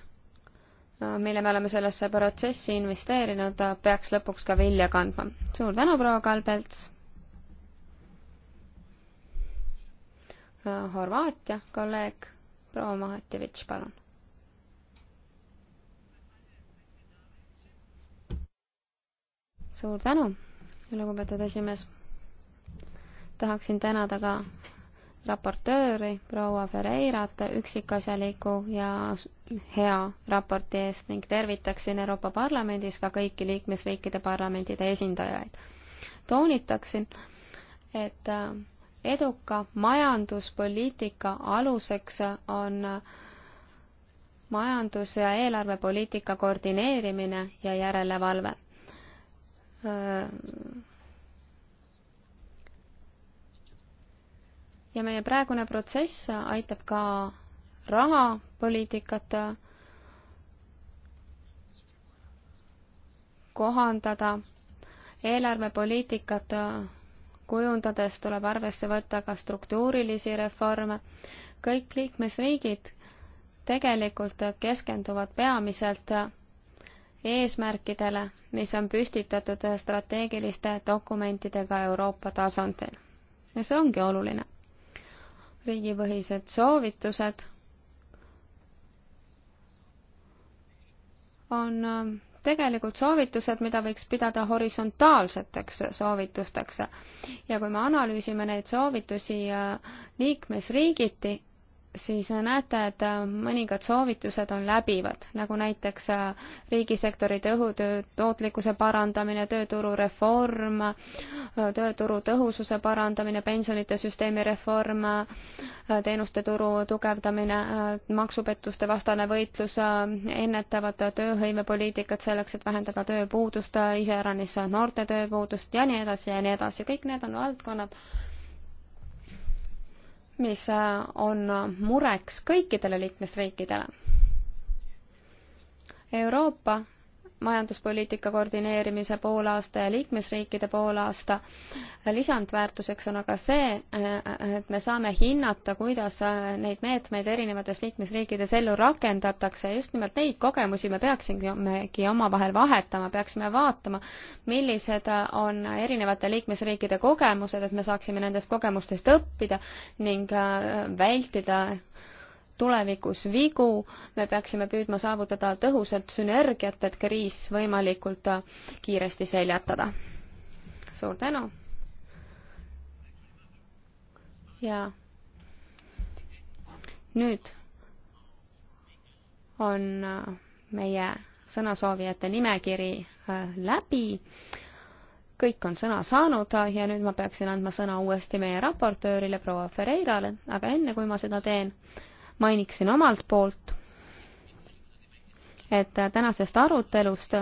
mille me oleme sellesse protsessi investeerinud, peaks lõpuks ka vilja kandma. suur tänu, proua Kalbelts! Horvaatia kolleeg proua Mahetjevitš, palun. suur tänu, lugupeetud esimees. tahaksin tänada ka raportööri proua Ferreirat üksikasjaliku ja hea raporti eest ning tervitaksin Euroopa Parlamendis ka kõiki liikmesriikide parlamentide esindajaid. toonitaksin, et äh, eduka majanduspoliitika aluseks on äh, majandus- ja eelarvepoliitika koordineerimine ja järelevalve äh, ja meie praegune protsess aitab ka rahapoliitikat äh, kohandada, eelarvepoliitikat äh, kujundades tuleb arvesse võtta ka struktuurilisi reforme. kõik liikmesriigid tegelikult keskenduvad peamiselt äh, eesmärkidele, mis on püstitatud strateegiliste dokumentidega Euroopa tasandil. ja see ongi oluline riigipõhised soovitused on äh, tegelikult soovitused, mida võiks pidada horisontaalseteks soovitusteks. ja kui me analüüsime neid soovitusi äh, liikmesriigiti, siis näete, et äh, mõningad soovitused on läbivad, nagu näiteks äh, riigisektori tõhutöö tootlikkuse parandamine, tööturu reform, äh, tööturu tõhususe parandamine, pensionite süsteemi reform, teenuste turu tugevdamine, maksupettuste vastane võitlus, ennetavad tööhõivepoliitikad selleks, et vähendada tööpuudust, iseäranis noorte tööpuudust ja nii edasi ja nii edasi, kõik need on valdkonnad, mis äh, on mureks kõikidele liikmesriikidele. Euroopa majanduspoliitika koordineerimise poolaasta ja liikmesriikide poolaasta. lisandväärtuseks on aga see, et me saame hinnata, kuidas neid meetmeid erinevates liikmesriikides ellu rakendatakse ja just nimelt neid kogemusi me peaksimegi omavahel vahetama, peaksime vaatama, millised on erinevate liikmesriikide kogemused, et me saaksime nendest kogemustest õppida ning vältida tulevikus vigu, me peaksime püüdma saavutada tõhusat sünergiat, et kriis võimalikult kiiresti seljatada. suur tänu! ja nüüd on meie sõnasoovijate nimekiri äh, läbi. kõik on sõna saanud ja nüüd ma peaksin andma sõna uuesti meie raportöörile proua Ferreirale, aga enne kui ma seda teen, mainiksin omalt poolt, et tänasest arutelust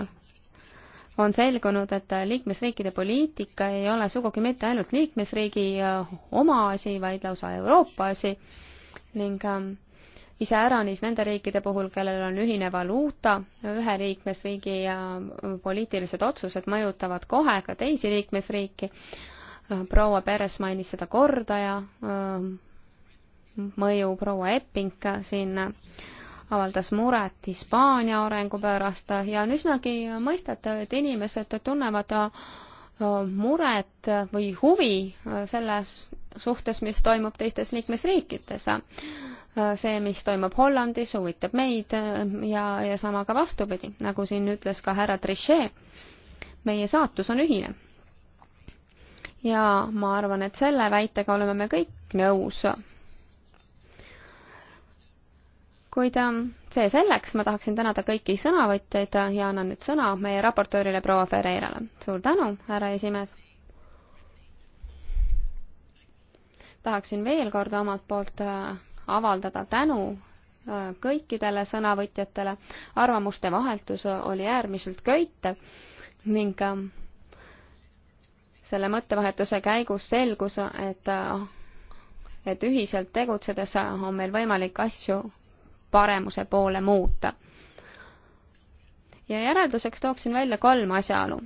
on selgunud, et liikmesriikide poliitika ei ole sugugi mitte ainult liikmesriigi äh, oma asi, vaid lausa Euroopa asi ning ähm, iseäranis nende riikide puhul, kellel on ühine valuuta, ühe liikmesriigi äh, poliitilised otsused mõjutavad kohe ka teisi liikmesriiki. Äh, proua Peres mainis seda kordaja mõju, proua Epping siin avaldas muret Hispaania arengu pärast ja on üsnagi mõistetav, et inimesed tunnevad äh, muret või huvi äh, selle suhtes, mis toimub teistes liikmesriikides. Äh, see, mis toimub Hollandis, huvitab meid ja, ja sama ka vastupidi, nagu siin ütles ka härra Trichet, meie saatus on ühine. ja ma arvan, et selle väitega oleme me kõik nõus kuid ähm, see selleks, ma tahaksin tänada kõiki sõnavõtjaid ja annan nüüd sõna meie raportöörile proua Ferreirale. suur tänu, härra esimees. tahaksin veel kord omalt poolt äh, avaldada tänu äh, kõikidele sõnavõtjatele. arvamuste vaheldus oli äärmiselt köitev ning ähm, selle mõttevahetuse käigus selgus, et äh, et ühiselt tegutsedes on meil võimalik asju paremuse poole muuta. ja järelduseks tooksin välja kolm asjaolu.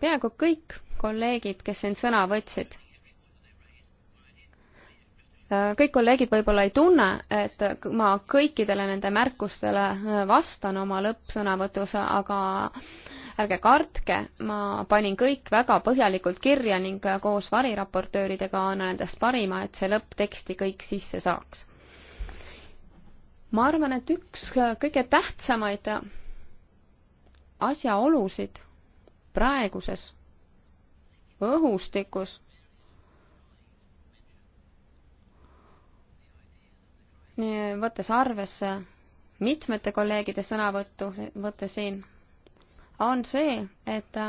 peaaegu kõik kolleegid, kes siin sõna võtsid, kõik kolleegid võib-olla ei tunne, et ma kõikidele nende märkustele vastan oma lõppsõnavõtus, aga ärge kartke, ma panin kõik väga põhjalikult kirja ning koos variraportööridega annan endast parima, et see lõppteksti kõik sisse saaks ma arvan, et üks kõige tähtsamaid asjaolusid praeguses õhustikus nii võttes arvesse mitmete kolleegide sõnavõttu, võtte siin, on see, et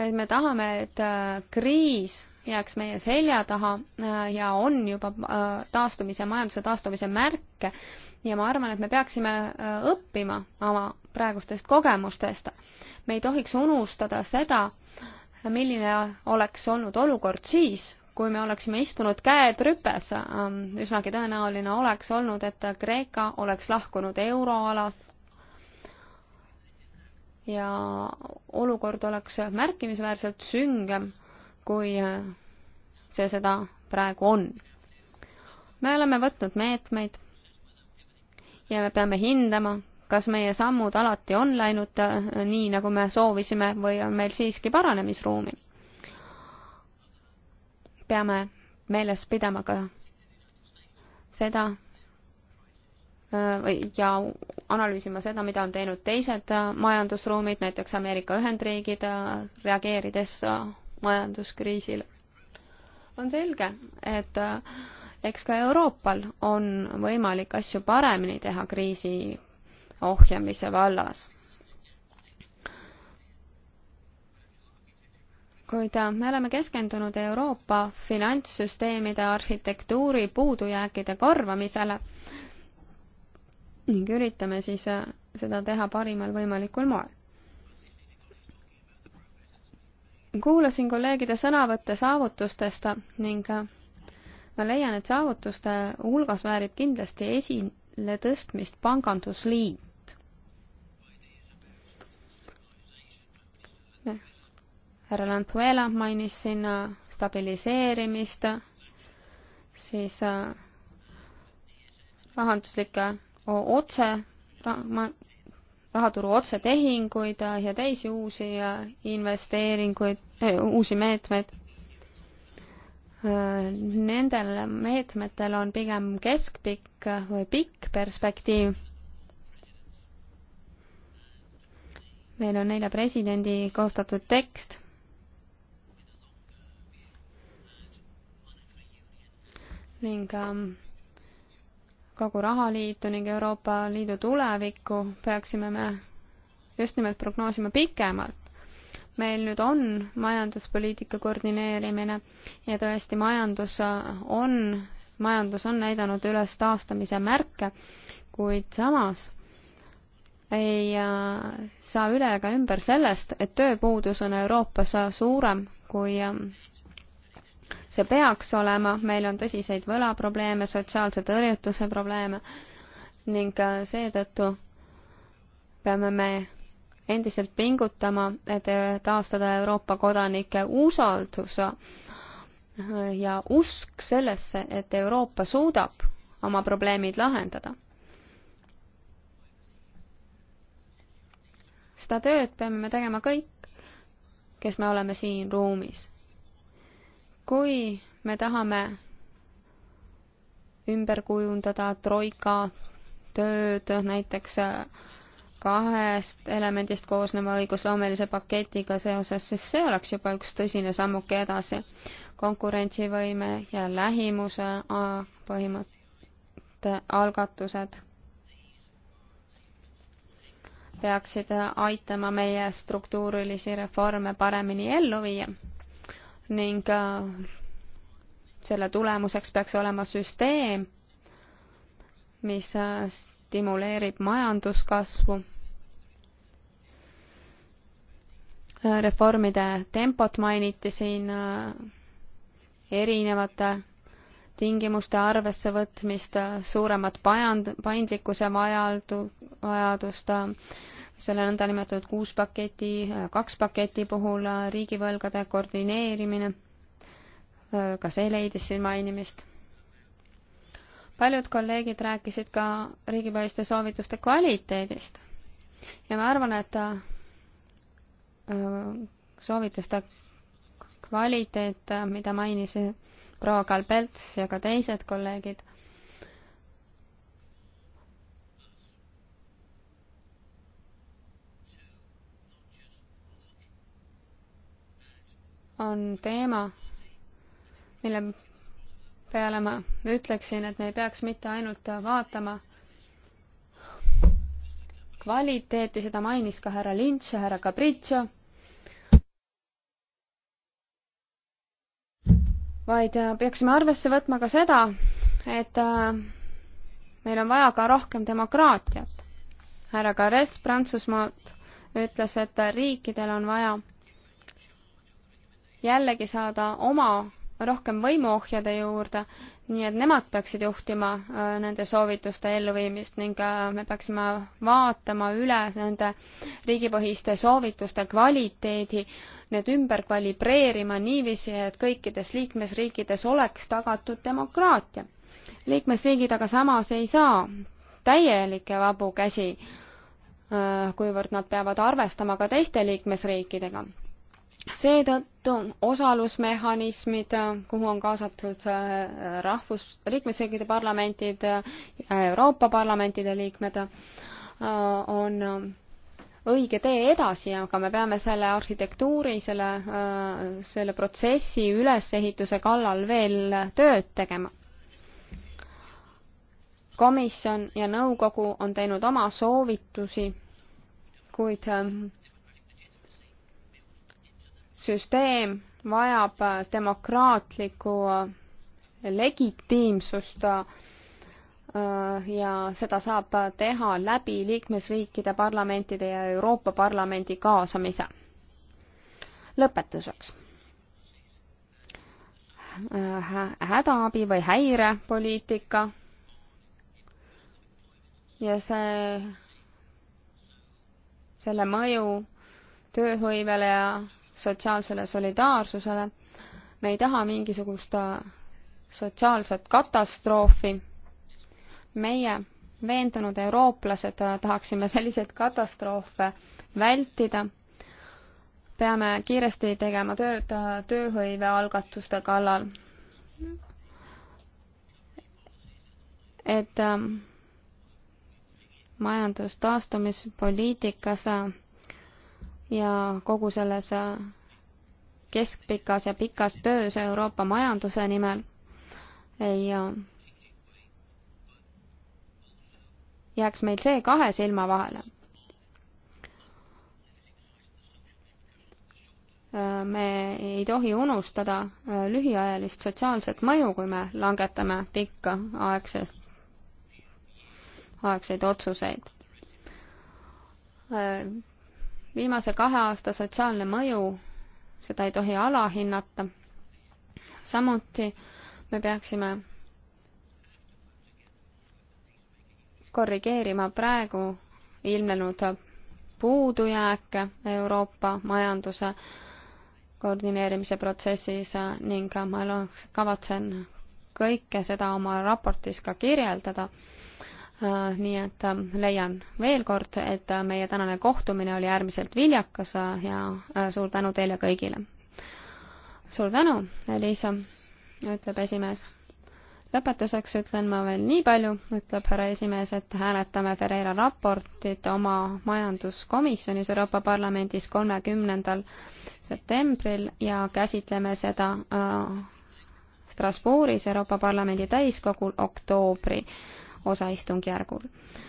et me tahame, et kriis jääks meie selja taha äh, ja on juba äh, taastumise, majanduse taastumise märke ja ma arvan, et me peaksime äh, õppima oma praegustest kogemustest. me ei tohiks unustada seda, milline oleks olnud olukord siis, kui me oleksime istunud käed rüpes, ähm, üsnagi tõenäoline oleks olnud, et Kreeka oleks lahkunud euroalast ja olukord oleks märkimisväärselt süngem kui äh, see seda praegu on. me oleme võtnud meetmeid ja me peame hindama, kas meie sammud alati on läinud äh, nii, nagu me soovisime või on meil siiski paranemisruumi. peame meeles pidama ka seda äh, ja analüüsima seda, mida on teinud teised majandusruumid, näiteks Ameerika Ühendriigid, reageerides majanduskriisile. on selge, et äh, eks ka Euroopal on võimalik asju paremini teha kriisi ohjamise vallas. kuid äh, me oleme keskendunud Euroopa finantssüsteemide arhitektuuri puudujääkide korvamisele ning üritame siis äh, seda teha parimal võimalikul moel. kuulasin kolleegide sõnavõtte saavutustest ning ma leian, et saavutuste hulgas väärib kindlasti esile tõstmist pangandusliit. härra Lampuela mainis siin äh, stabiliseerimist, siis äh, rahanduslike otse rahaturu otsetehinguid ja teisi uusi investeeringuid, eh, uusi meetmeid. Nendel meetmetel on pigem keskpikk või pikk perspektiiv. meil on nelja presidendi koostatud tekst ning ähm, kogu rahaliitu ning Euroopa Liidu tulevikku peaksime me just nimelt prognoosima pikemalt. meil nüüd on majanduspoliitika koordineerimine ja tõesti, majandus on, majandus on näidanud üles taastamise märke, kuid samas ei äh, saa üle ega ümber sellest, et tööpuudus on Euroopas suurem kui äh, see peaks olema, meil on tõsiseid võlaprobleeme, sotsiaalse tõrjutuse probleeme ning äh, seetõttu peame me endiselt pingutama, et äh, taastada Euroopa kodanike usaldus ja usk sellesse, et Euroopa suudab oma probleemid lahendada. seda tööd peame me tegema kõik, kes me oleme siin ruumis kui me tahame ümber kujundada troika tööd näiteks äh, kahest elemendist koosneva õigusloomelise paketiga seoses, siis see oleks juba üks tõsine sammuke edasi. konkurentsivõime ja lähimuse äh, põhimõtte algatused peaksid äh, aitama meie struktuurilisi reforme paremini ellu viia ning äh, selle tulemuseks peaks olema süsteem, mis äh, stimuleerib majanduskasvu, äh, reformide tempot mainiti siin, erinevate tingimuste arvesse võtmist, suuremat pajand-, paindlikkuse vajadu-, vajadust, selle nõndanimetatud kuus paketi, kaks paketi puhul riigivõlgade koordineerimine, ka see leidis siin mainimist. paljud kolleegid rääkisid ka riigipõhiste soovituste kvaliteedist ja ma arvan, et äh, soovituste kvaliteet, mida mainis proua Kalbelts ja ka teised kolleegid, on teema, mille peale ma ütleksin, et me ei peaks mitte ainult vaatama kvaliteeti, seda mainis ka härra Lynch ja härra Capriccio, vaid äh, peaksime arvesse võtma ka seda, et äh, meil on vaja ka rohkem demokraatiat. härra Carres Prantsusmaalt ütles, et riikidel on vaja jällegi saada oma rohkem võimuohjade juurde, nii et nemad peaksid juhtima äh, nende soovituste elluviimist ning äh, me peaksime vaatama üle nende riigipõhiste soovituste kvaliteedi, need ümber kvalibreerima niiviisi, et kõikides liikmesriikides oleks tagatud demokraatia. liikmesriigid aga samas ei saa täielikke vabu käsi, äh, kuivõrd nad peavad arvestama ka teiste liikmesriikidega seetõttu osalusmehhanismid, kuhu on kaasatud äh, rahvus, liikmesriikide parlamentid, Euroopa parlamentide liikmed, äh, on õige tee edasi, aga me peame selle arhitektuuri, selle, äh, selle protsessi ülesehituse kallal veel tööd tegema. komisjon ja nõukogu on teinud oma soovitusi, kuid süsteem vajab äh, demokraatlikku äh, legitiimsust äh, ja seda saab teha läbi liikmesriikide parlamentide ja Euroopa Parlamendi kaasamise. lõpetuseks. hädaabi või häirepoliitika ja see, selle mõju tööhõivele ja sotsiaalsele solidaarsusele. me ei taha mingisugust äh, sotsiaalset katastroofi. meie, veendunud eurooplased, äh, tahaksime selliseid katastroofe vältida. peame kiiresti tegema tööd äh, tööhõive algatuste kallal. et ähm, majandustaastumispoliitikas ja kogu selles äh, keskpikas ja pikas töös Euroopa majanduse nimel ja äh, jääks meil see kahe silma vahele. Äh, me ei tohi unustada lühiajalist sotsiaalset mõju, kui me langetame pikka aegsest, aegseid otsuseid viimase kahe aasta sotsiaalne mõju, seda ei tohi alahinnata. samuti me peaksime korrigeerima praegu ilmnenud puudujääke Euroopa majanduse koordineerimise protsessis ning ma kavatsen kõike seda oma raportis ka kirjeldada Äh, nii et ähm, leian veel kord, et äh, meie tänane kohtumine oli äärmiselt viljakas äh, ja suur tänu teile kõigile. suur tänu, Liisa, ütleb esimees. lõpetuseks ütlen ma veel nii palju, ütleb härra esimees, et hääletame Ferreira raportit oma majanduskomisjonis Euroopa Parlamendis kolmekümnendal septembril ja käsitleme seda Strasbourgis Euroopa Parlamendi täiskogul oktoobri osa istungjärgul.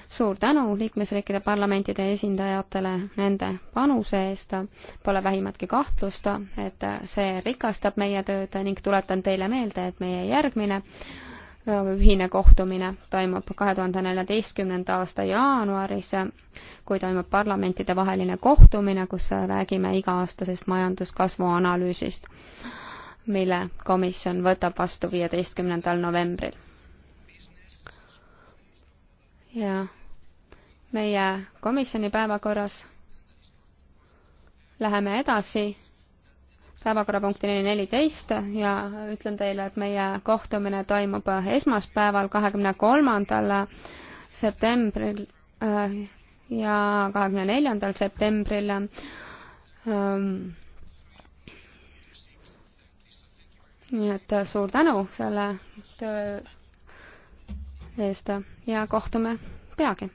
suur tänu liikmesriikide parlamentide esindajatele nende panuse eest, pole vähimatki kahtlust, et see rikastab meie tööd ning tuletan teile meelde, et meie järgmine ühine kohtumine toimub kahe tuhande neljateistkümnenda aasta jaanuaris, kui toimub parlamentidevaheline kohtumine, kus räägime iga-aastasest majanduskasvu analüüsist, mille komisjon võtab vastu viieteistkümnendal novembril ja meie komisjoni päevakorras läheme edasi päevakorrapunktini neliteist ja ütlen teile, et meie kohtumine toimub esmaspäeval, kahekümne kolmandal septembril äh, ja kahekümne neljandal septembril ähm, nii et suur tänu selle töö eest ja kohtume peagi.